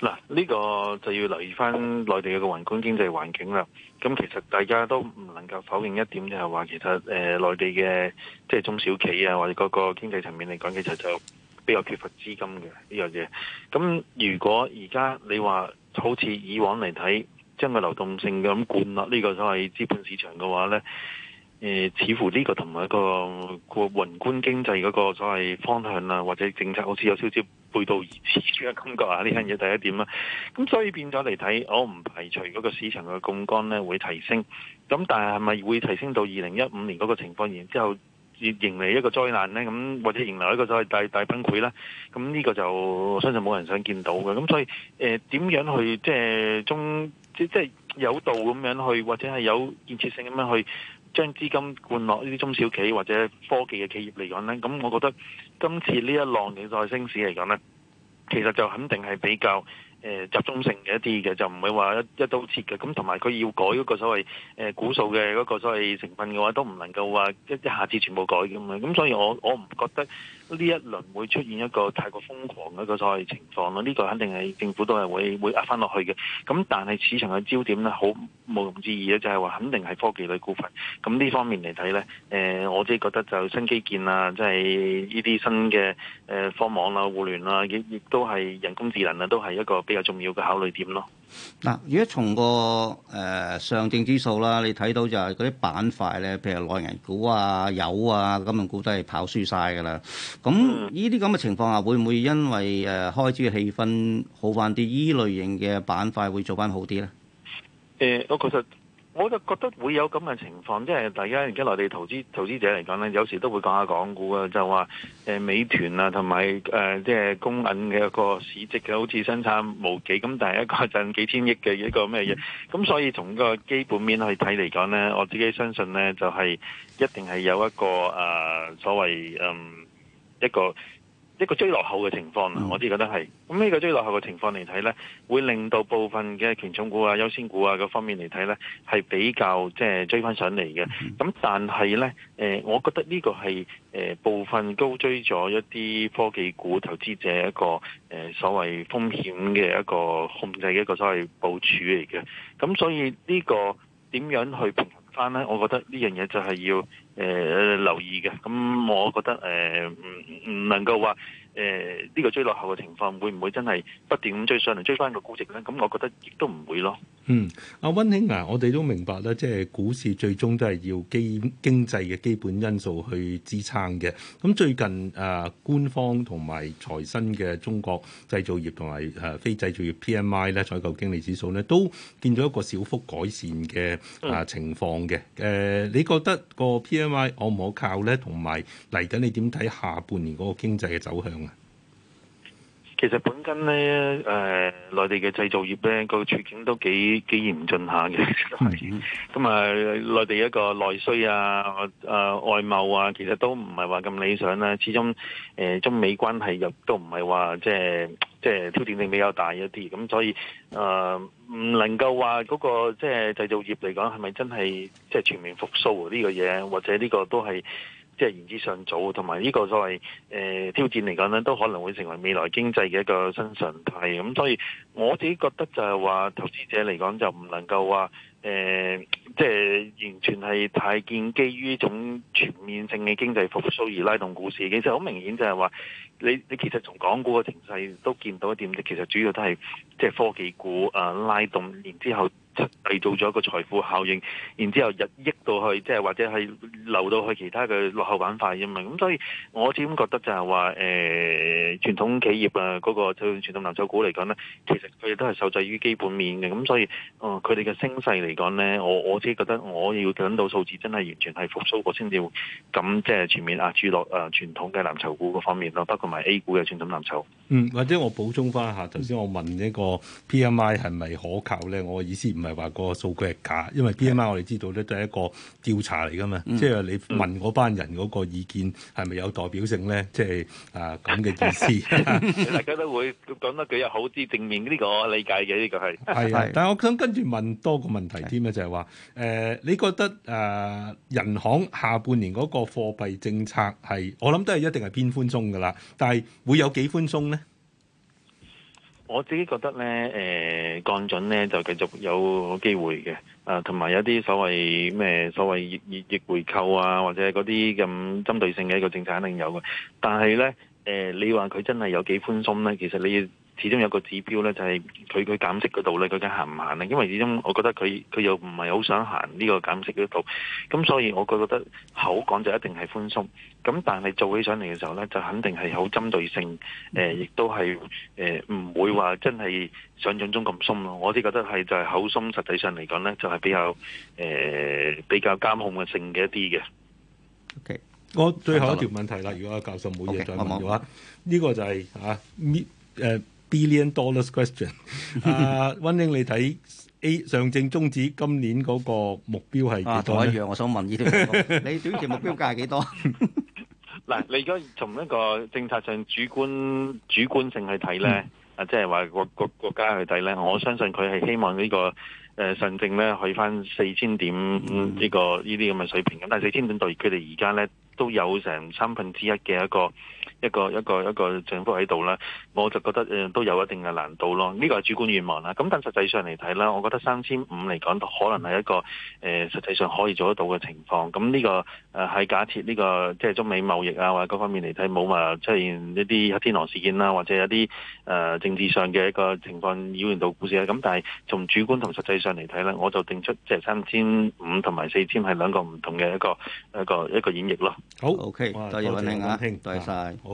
嗱、啊，呢、呢個就要留意翻內地嘅宏觀經濟環境啦。咁其實大家都唔能夠否認一點，就係話其實誒、呃、內地嘅即係中小企啊，或者嗰個經濟層面嚟講，其實就比較缺乏資金嘅呢樣嘢。咁、這個、如果而家你話好似以往嚟睇，將個流動性咁灌落呢個所謂資本市場嘅話呢。誒、呃，似乎呢個同埋一個、個宏觀經濟嗰個所謂方向啊，或者政策好似有少少背道而馳嘅感覺啊！呢樣嘢第一點啦、啊，咁所以變咗嚟睇，我唔排除嗰個市場嘅槓桿呢會提升，咁但係係咪會提升到二零一五年嗰個情況然之後迎嚟一個災難呢？咁或者迎來一個所謂大大崩潰咧？咁呢個就相信冇人想見到嘅。咁所以誒，點、呃、樣去即係中即即係有道咁樣去，或者係有建設性咁樣去，將資金灌落呢啲中小企或者科技嘅企業嚟講呢，咁我覺得今次呢一浪嘅再升市嚟講呢，其實就肯定係比較誒、呃、集中性嘅一啲嘅，就唔會話一一刀切嘅。咁同埋佢要改嗰個所謂誒股、呃、數嘅嗰個所謂成分嘅話，都唔能夠話一一下子全部改嘅嘛。咁所以我我唔覺得，呢一輪會出現一個太過瘋狂嘅一個所謂情況咯，呢、這個肯定係政府都係會會壓翻落去嘅。咁但係市場嘅焦點咧，好毋庸置疑咧，就係、是、話肯定係科技類股份。咁呢方面嚟睇咧，誒、呃，我即係覺得就新基建啊，即係呢啲新嘅誒，科網啊、互聯啊，亦亦都係人工智能啊，都係一個比較重要嘅考慮點咯。嗱，如果從個誒、呃、上證指數啦，你睇到就係嗰啲板塊咧，譬如內銀股啊、油啊、金融股都係跑輸晒噶啦。咁呢啲咁嘅情況下，會唔會因為誒、呃、開支嘅氣氛好翻啲，呢類型嘅板塊會做翻好啲咧？誒、呃，我覺得。我就覺得會有咁嘅情況，即係大家而家內地投資投資者嚟講呢，有時都會講下港股啊，呃、就話美團啊，同埋誒即係公銀嘅一個市值嘅好似相差無幾咁，但係一個賺幾千億嘅一個咩嘢，咁、嗯、所以從個基本面去睇嚟講呢，我自己相信呢，就係、是、一定係有一個誒、呃、所謂嗯、呃、一個。一個追落後嘅情況啦，我自己覺得係，咁呢個追落後嘅情況嚟睇呢，會令到部分嘅權重股啊、優先股啊嗰方面嚟睇呢，係比較即係追翻上嚟嘅。咁但係呢，誒、呃，我覺得呢個係誒、呃、部分高追咗一啲科技股投資者一個誒、呃、所謂風險嘅一個控制嘅一個所謂部署嚟嘅。咁所以呢個點樣去平衡翻呢？我覺得呢樣嘢就係要。誒、呃，留意嘅，咁、嗯、我覺得誒，唔、呃、唔能夠話、啊。誒，呢個追落後嘅情況會唔會真係不斷咁追上嚟追翻個估值咧？咁我覺得亦都唔會咯。嗯，阿溫兄啊，我哋都明白咧，即係股市最終都係要基經濟嘅基本因素去支撐嘅。咁、嗯、最近啊、呃，官方同埋財新嘅中國製造業同埋誒非製造業 P M I 咧採購經理指數咧，都見到一個小幅改善嘅啊情況嘅。誒、呃嗯呃，你覺得個 P M I 可唔可靠咧？同埋嚟緊你點睇下半年嗰個經濟嘅走向？其實本身咧，誒內地嘅製造業咧，個處境都幾幾嚴峻下嘅，咁啊內地一個內需啊，誒外貿啊，其實都唔係話咁理想啦。始終誒中美關係又都唔係話即係即係挑戰性比較大一啲，咁所以誒唔能夠話嗰個即係製造業嚟講係咪真係即係全面復甦呢個嘢，或者呢個都係。即係言之尚早，同埋呢個所謂誒、呃、挑戰嚟講咧，都可能會成為未來經濟嘅一個新常態。咁、嗯、所以我自己覺得就係話，投資者嚟講就唔能夠話誒，即、呃、係、就是、完全係太建基於種全面性嘅經濟復甦而拉動股市。其實好明顯就係話。你你其實從港股嘅情勢都見到一點，其實主要都係即係科技股誒、啊、拉動，然之後製造咗一個財富效應，然之後日溢到去即係或者係流到去其他嘅落後板塊咁啊！咁、嗯、所以我始終覺得就係話誒傳統企業啊嗰、那個就傳統藍籌股嚟講咧，其實佢哋都係受制於基本面嘅，咁、嗯、所以佢哋嘅升勢嚟講咧，我我自己覺得我要等到數字真係完全係復甦過先至，咁即係全面啊住落誒傳、啊、統嘅藍籌股嗰方面咯，不過。同埋 A 股嘅傳統藍籌，嗯，或者我補充翻下，頭先我問呢個 P M I 係咪可靠咧？我意思唔係話個數據係假，因為 P M I 的我哋知道咧都係一個調查嚟噶嘛，嗯、即係你問嗰班人嗰個意見係咪有代表性咧？即係啊咁嘅意思， 大家都會講得佢又好啲正面呢、呢個理解嘅呢、呢個係，係啊，但係我想跟住問多個問題添啊，的就係話誒，你覺得誒、呃、人行下半年嗰個貨幣政策係我諗都係一定係偏寬鬆㗎啦。但係會有幾寬鬆呢？我自己覺得呢，誒降準呢就繼續有機會嘅，啊同埋有啲所謂咩所謂逆逆逆回購啊，或者嗰啲咁針對性嘅一個政策肯定有嘅。但係呢，誒你話佢真係有幾寬鬆呢？其實你。始終有個指標咧，就係佢佢減息嗰度咧，究竟行唔行咧？因為始終我覺得佢佢又唔係好想行呢個減息嗰度，咁、嗯、所以我覺得口講就一定係寬鬆，咁但係做起上嚟嘅時候咧，就肯定係好針對性，誒、呃，亦都係誒唔會話真係想象中咁鬆咯。我哋覺得係就係口鬆，實際上嚟講咧，就係比較誒、呃、比較監控嘅性嘅一啲嘅。O Okay . K，我最後一條問題啦，Okay. 如果阿教授冇嘢再問嘅話，呢 Okay. 好個就係、是、啊，誒。呃 billion dollars question，阿、uh, 溫英你睇 A 上證綜指今年嗰個目標係幾多、啊、一樣，我想問呢條。你短期目標價係幾多？嗱，你而家從一個政策上主觀主觀性去睇咧，啊、嗯，即係話個個國家去睇咧，我相信佢係希望呢、這個誒、呃、上證咧去返四千點呢、嗯嗯這個呢啲咁嘅水平。咁但係四千點對佢哋而家咧都有成三分之一嘅一個。一個一個一個政府喺度啦，我就覺得誒都有一定嘅難度咯。呢個係主觀願望啦。咁但實際上嚟睇啦，我覺得三千五嚟講，可能係一個誒、呃、實際上可以做得到嘅情況。咁呢個誒係假設呢、呢個即係中美貿易啊，或者各方面嚟睇冇話出現一啲黑天鵝事件啦，或者有啲誒政治上嘅一個情況擾亂到股市啦。咁但係從主觀同實際上嚟睇咧，我就定出即係三千五同埋四千係兩個唔同嘅一個一個一個演繹咯。好，OK，多謝，多謝，多謝，多謝曬。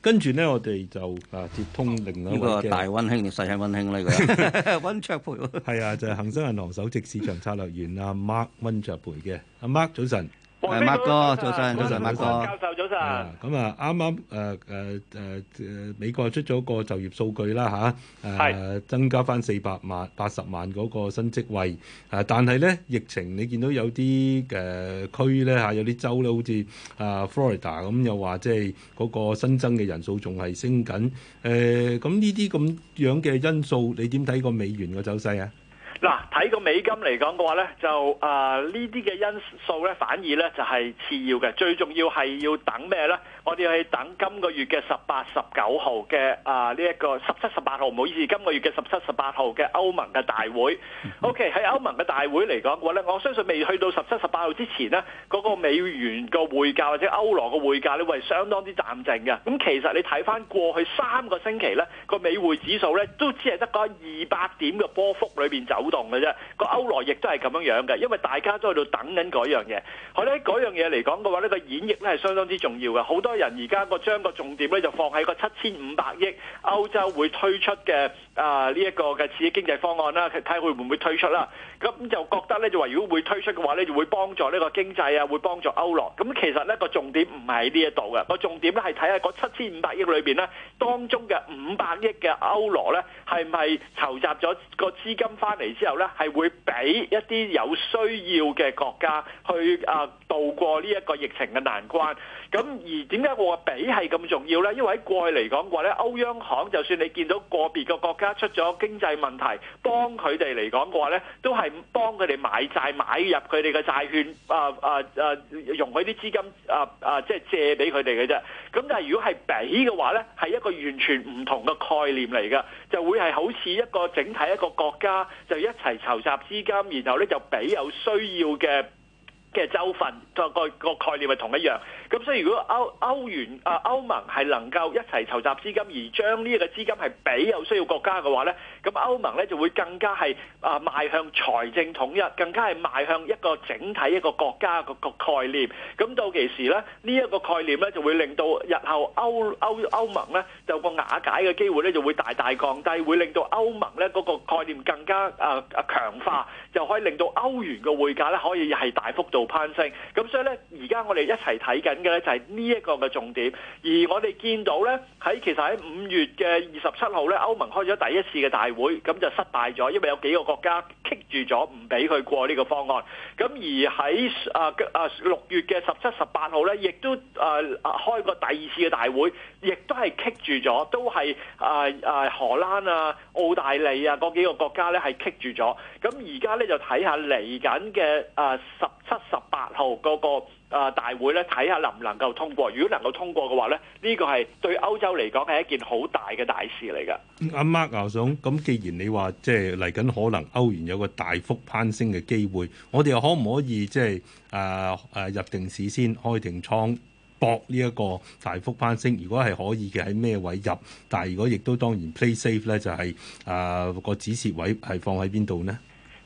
跟住咧，我哋就啊接通另外一個。呢個大溫馨定細型溫馨呢個溫卓培。係啊，就係、是、恒生銀行首席市場策略員 啊 Mark 溫卓培嘅，阿 Mark 早晨。係，麥、啊、哥，早晨，早晨，麥哥。教授，早晨。咁啊，啱啱誒誒誒，美國出咗個就業數據啦嚇，誒、啊啊、是增加翻四百八十萬嗰個新職位。誒、啊，但係咧，疫情你見到有啲誒、呃、區咧嚇，有啲州咧，好似啊 Florida 咁、啊，又話即係嗰個新增嘅人數仲係升緊。誒、啊，咁呢啲咁樣嘅因素，你點睇個美元嘅走勢啊？嗱，睇個美金嚟講嘅話咧，就啊呢啲嘅因素咧，反而咧就係次要嘅，最重要係要等咩咧？我哋要等今個月嘅十八、十九號嘅啊呢一個十七、十八號，唔好意思，今個月嘅十七、十八號嘅歐盟嘅大會。OK，喺歐盟嘅大會嚟講嘅話咧，我相信未去到十七、十八號之前呢，嗰個美元個匯價或者歐羅嘅匯價咧，會係相當之暫靜嘅。咁其實你睇翻過去三個星期咧，個美匯指數咧，都只係得個二百點嘅波幅裏邊走。動嘅啫，個歐羅亦都係咁樣樣嘅，因為大家都喺度等緊嗰樣嘢。喺嗰樣嘢嚟講嘅話呢，個演繹咧係相當之重要嘅。好多人而家個將個重點咧就放喺個七千五百億歐洲會推出嘅。啊！呢一個嘅刺激經濟方案啦，睇睇會唔會，會推出啦？咁就覺得咧，就話如果會推出嘅話咧，就會幫助呢個經濟啊，會幫助歐羅。咁其實咧、個重點唔喺呢一度嘅，個重點咧係睇下嗰七千五百億裏邊咧，當中嘅五百億嘅歐羅咧，係唔係籌集咗個資金翻嚟之後咧，係會俾一啲有需要嘅國家去啊渡過呢一個疫情嘅難關？咁而點解我話俾係咁重要咧？因為喺過去嚟講話咧，歐央行就算你見到個別嘅國家。出咗經濟問題，幫佢哋嚟講嘅話咧，都係幫佢哋買債買入佢哋嘅債券，啊啊啊，用嗰啲資金啊啊、呃呃，即係借俾佢哋嘅啫。咁但係如果係俾嘅話咧，係一個完全唔同嘅概念嚟嘅，就會係好似一個整體一個國家，就一齊籌集資金，然後咧就俾有需要嘅嘅州份，個個概念係同一樣，咁所以如果歐歐元啊歐盟係能夠一齊籌集資金，而將呢個資金係俾有需要國家嘅話咧。咁歐盟咧就會更加係啊，邁向財政統一，更加係邁向一個整體一個國家個概念。咁到其時咧，呢、這、一個概念咧就會令到日後歐歐歐盟咧就個瓦解嘅機會咧就會大大降低，會令到歐盟咧嗰、那個概念更加啊啊強化，就可以令到歐元嘅匯價咧可以係大幅度攀升。咁所以咧，而家我哋一齊睇緊嘅咧就係呢一個嘅重點。而我哋見到咧喺其實喺五月嘅二十七號咧，歐盟開咗第一次嘅大會。會咁就失敗咗，因為有幾個國家棘住咗，唔俾佢過呢個方案。咁而喺啊啊六月嘅十七、十八號咧，亦都啊開過第二次嘅大會，亦都係棘住咗，都係啊啊荷蘭啊、澳大利亞、啊、嗰幾個國家咧係棘住咗。咁而家咧就睇下嚟緊嘅啊十七、十八號嗰個。啊！大會咧睇下能唔能夠通過。如果能夠通過嘅話咧，呢、這個係對歐洲嚟講係一件好大嘅大事嚟㗎。阿、啊、Mark，牛總，咁既然你話即係嚟緊可能歐元有個大幅攀升嘅機會，我哋又可唔可以即係、就是、啊啊入定市先開定倉博呢一個大幅攀升？如果係可以嘅，喺咩位入？但係如果亦都當然 play safe 咧，就係、是、啊、那個止蝕位係放喺邊度呢？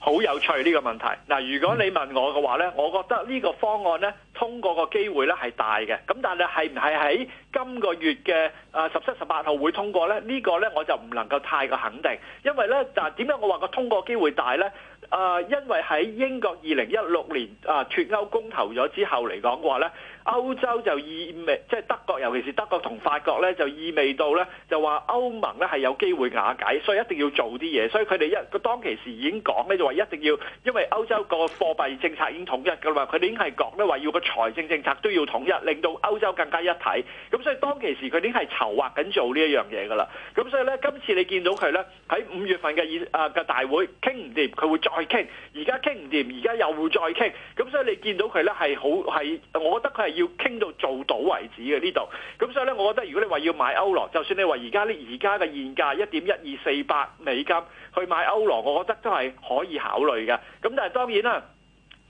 好有趣呢個問題，嗱，如果你問我嘅話呢，我覺得呢個方案呢，通過個機會呢係大嘅，咁但係係唔係喺今個月嘅啊十七、十八號會通過呢？呢個呢，我就唔能夠太過肯定，因為呢，但點解我話個通過機會大呢？啊、呃，因為喺英國二零一六年啊、呃、脫歐公投咗之後嚟講嘅話呢。歐洲就意味即係德國，尤其是德國同法國咧，就意味到咧就話歐盟咧係有機會瓦解，所以一定要做啲嘢。所以佢哋一個當其時已經講咧，就話、是、一定要，因為歐洲個貨幣政策已經統一噶啦嘛，佢哋已經係講咧話要個財政政策都要統一，令到歐洲更加一體。咁所以當其時佢哋已經係籌劃緊做呢一樣嘢噶啦。咁所以咧，今次你見到佢咧喺五月份嘅議啊嘅大會傾唔掂，佢會再傾。而家傾唔掂，而家又會再傾。咁所以你見到佢咧係好係，我覺得佢係。要傾到做到為止嘅呢度，咁所以呢，我覺得如果你話要買歐羅，就算你話而家呢，而家嘅現價一點一二四八美金去買歐羅，我覺得都係可以考慮嘅。咁但係當然啦，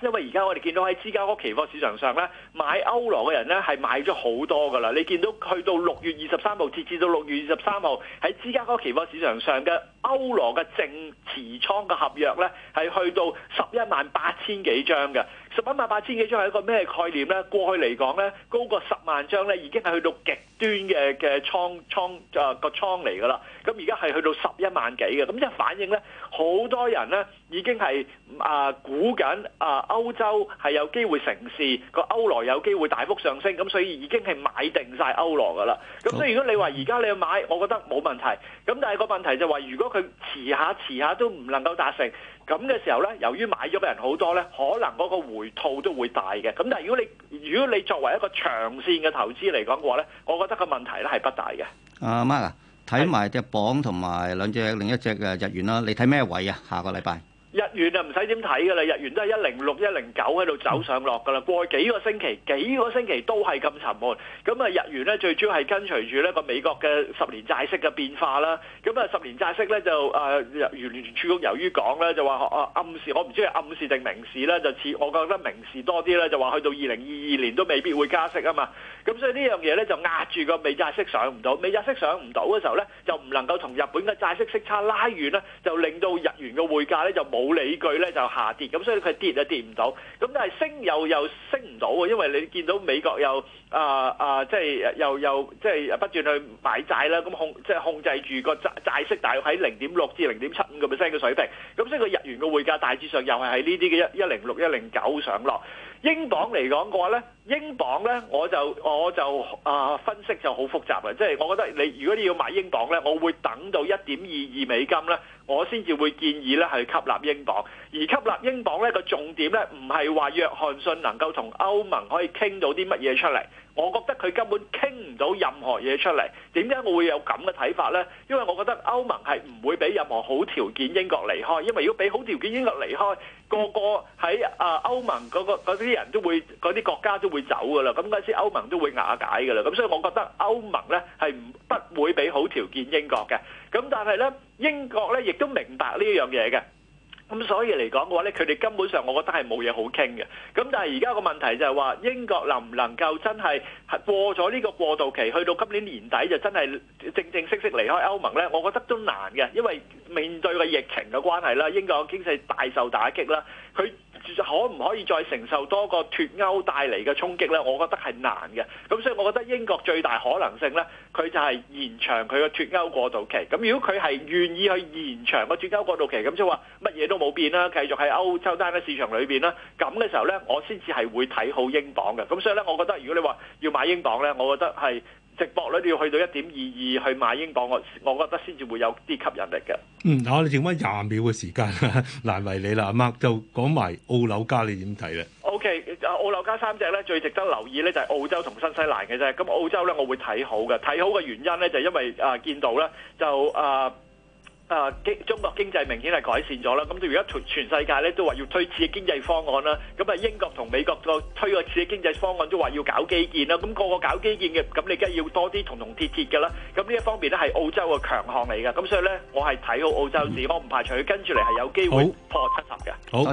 因為而家我哋見到喺芝加哥期貨市場上呢，買歐羅嘅人呢係買咗好多噶啦。你見到去到六月二十三號，直至到六月二十三號喺芝加哥期貨市場上嘅歐羅嘅淨持倉嘅合約呢，係去到十一萬八千幾張嘅。十一萬八千幾張係一個咩概念呢？過去嚟講呢，高過十萬張呢已經係去到極端嘅嘅倉倉啊個倉嚟㗎啦。咁而家係去到十一萬幾嘅，咁即係反應呢，好多人呢已經係啊估緊啊歐洲係有機會成事，個歐羅有機會大幅上升，咁所以已經係買定晒歐羅㗎啦。咁所以如果你話而家你要買，我覺得冇問題。咁但係個問題就係話，如果佢遲下遲下都唔能夠達成。咁嘅時候咧，由於買咗嘅人好多咧，可能嗰個回吐都會大嘅。咁但係如果你如果你作為一個長線嘅投資嚟講嘅話咧，我覺得個問題咧係不大嘅。阿、uh, Mark 睇埋隻榜同埋兩隻另一隻嘅日元啦，你睇咩位啊？下個禮拜。日元就唔使點睇噶啦，日元都係一零六一零九喺度走上落噶啦。過去幾個星期，幾個星期都係咁沉悶。咁啊日元咧最主要係跟隨住呢個美國嘅十年債息嘅變化啦。咁啊十年債息咧就啊，聯儲局由於講咧就話啊暗示，我唔知係暗示定明示啦，就似我覺得明示多啲咧，就話去到二零二二年都未必會加息啊嘛。咁所以呢樣嘢咧就壓住個美債息上唔到，美債息上唔到嘅時候咧就唔能夠同日本嘅債息息差拉遠啦，就令到日元嘅匯價咧就冇。冇理據咧就下跌，咁所以佢跌都跌唔到，咁但係升又又升唔到，因為你見到美國又。啊啊、呃！即係又又即係不斷去買債啦，咁控即係控制住個債債息大約喺零點六至零點七五個 percent 嘅水平。咁所以個日元嘅匯價大致上又係喺呢啲嘅一一零六一零九上落。英鎊嚟講嘅話咧，英鎊咧我就我就啊、呃、分析就好複雜嘅，即係我覺得你如果你要買英鎊咧，我會等到一點二二美金咧，我先至會建議咧係吸納英鎊。而吸納英鎊咧個重點咧唔係話約翰遜能夠同歐盟可以傾到啲乜嘢出嚟。我覺得佢根本傾唔到任何嘢出嚟。點解我會有咁嘅睇法呢？因為我覺得歐盟係唔會俾任何好條件英國離開，因為如果俾好條件英國離開，個個喺啊歐盟嗰啲人都會，嗰啲國家都會走噶啦。咁嗰陣時歐盟都會瓦解噶啦。咁所以我覺得歐盟呢係唔不，不會俾好條件英國嘅。咁但係呢，英國呢亦都明白呢樣嘢嘅。咁、嗯、所以嚟講嘅話，咧，佢哋根本上我覺得係冇嘢好傾嘅。咁但係而家個問題就係話，英國能唔能夠真係係過咗呢個過渡期，去到今年年底就真係正正式式離開歐盟呢？我覺得都難嘅，因為面對個疫情嘅關係啦，英國經濟大受打擊啦。佢可唔可以再承受多個脱歐帶嚟嘅衝擊呢？我覺得係難嘅。咁所以，我覺得英國最大可能性呢，佢就係延長佢嘅脱歐過渡期。咁如果佢係願意去延長個脱歐過渡期，咁即係話乜嘢都冇變啦，繼續喺歐洲單一市場裏邊啦。咁嘅時候呢，我先至係會睇好英鎊嘅。咁所以呢，我覺得如果你話要買英鎊呢，我覺得係。直播率你要去到一點二二去買英鎊，我我覺得先至會有啲吸引力嘅。嗯，嗱、啊，你剩翻廿秒嘅時間啦，難為你啦，阿 Mark 就講埋澳紐加你點睇咧？OK，澳紐加三隻咧，最值得留意咧就係、是、澳洲同新西蘭嘅啫。咁、嗯、澳洲咧，我會睇好嘅，睇好嘅原因咧就是、因為啊、呃，見到咧就啊。呃誒、啊、經中國經濟明顯係改善咗啦，咁、嗯、到而家全全世界咧都話要推刺嘅經濟方案啦，咁、嗯、啊英國同美國個推個刺嘅經濟方案都話要搞基建啦，咁、嗯、個個搞基建嘅，咁你梗係要多啲銅銅鐵鐵嘅啦，咁、嗯、呢一方面咧係澳洲嘅強項嚟嘅，咁、嗯、所以咧我係睇好澳洲市。嗯、我唔排除佢跟住嚟係有機會破七十嘅。好好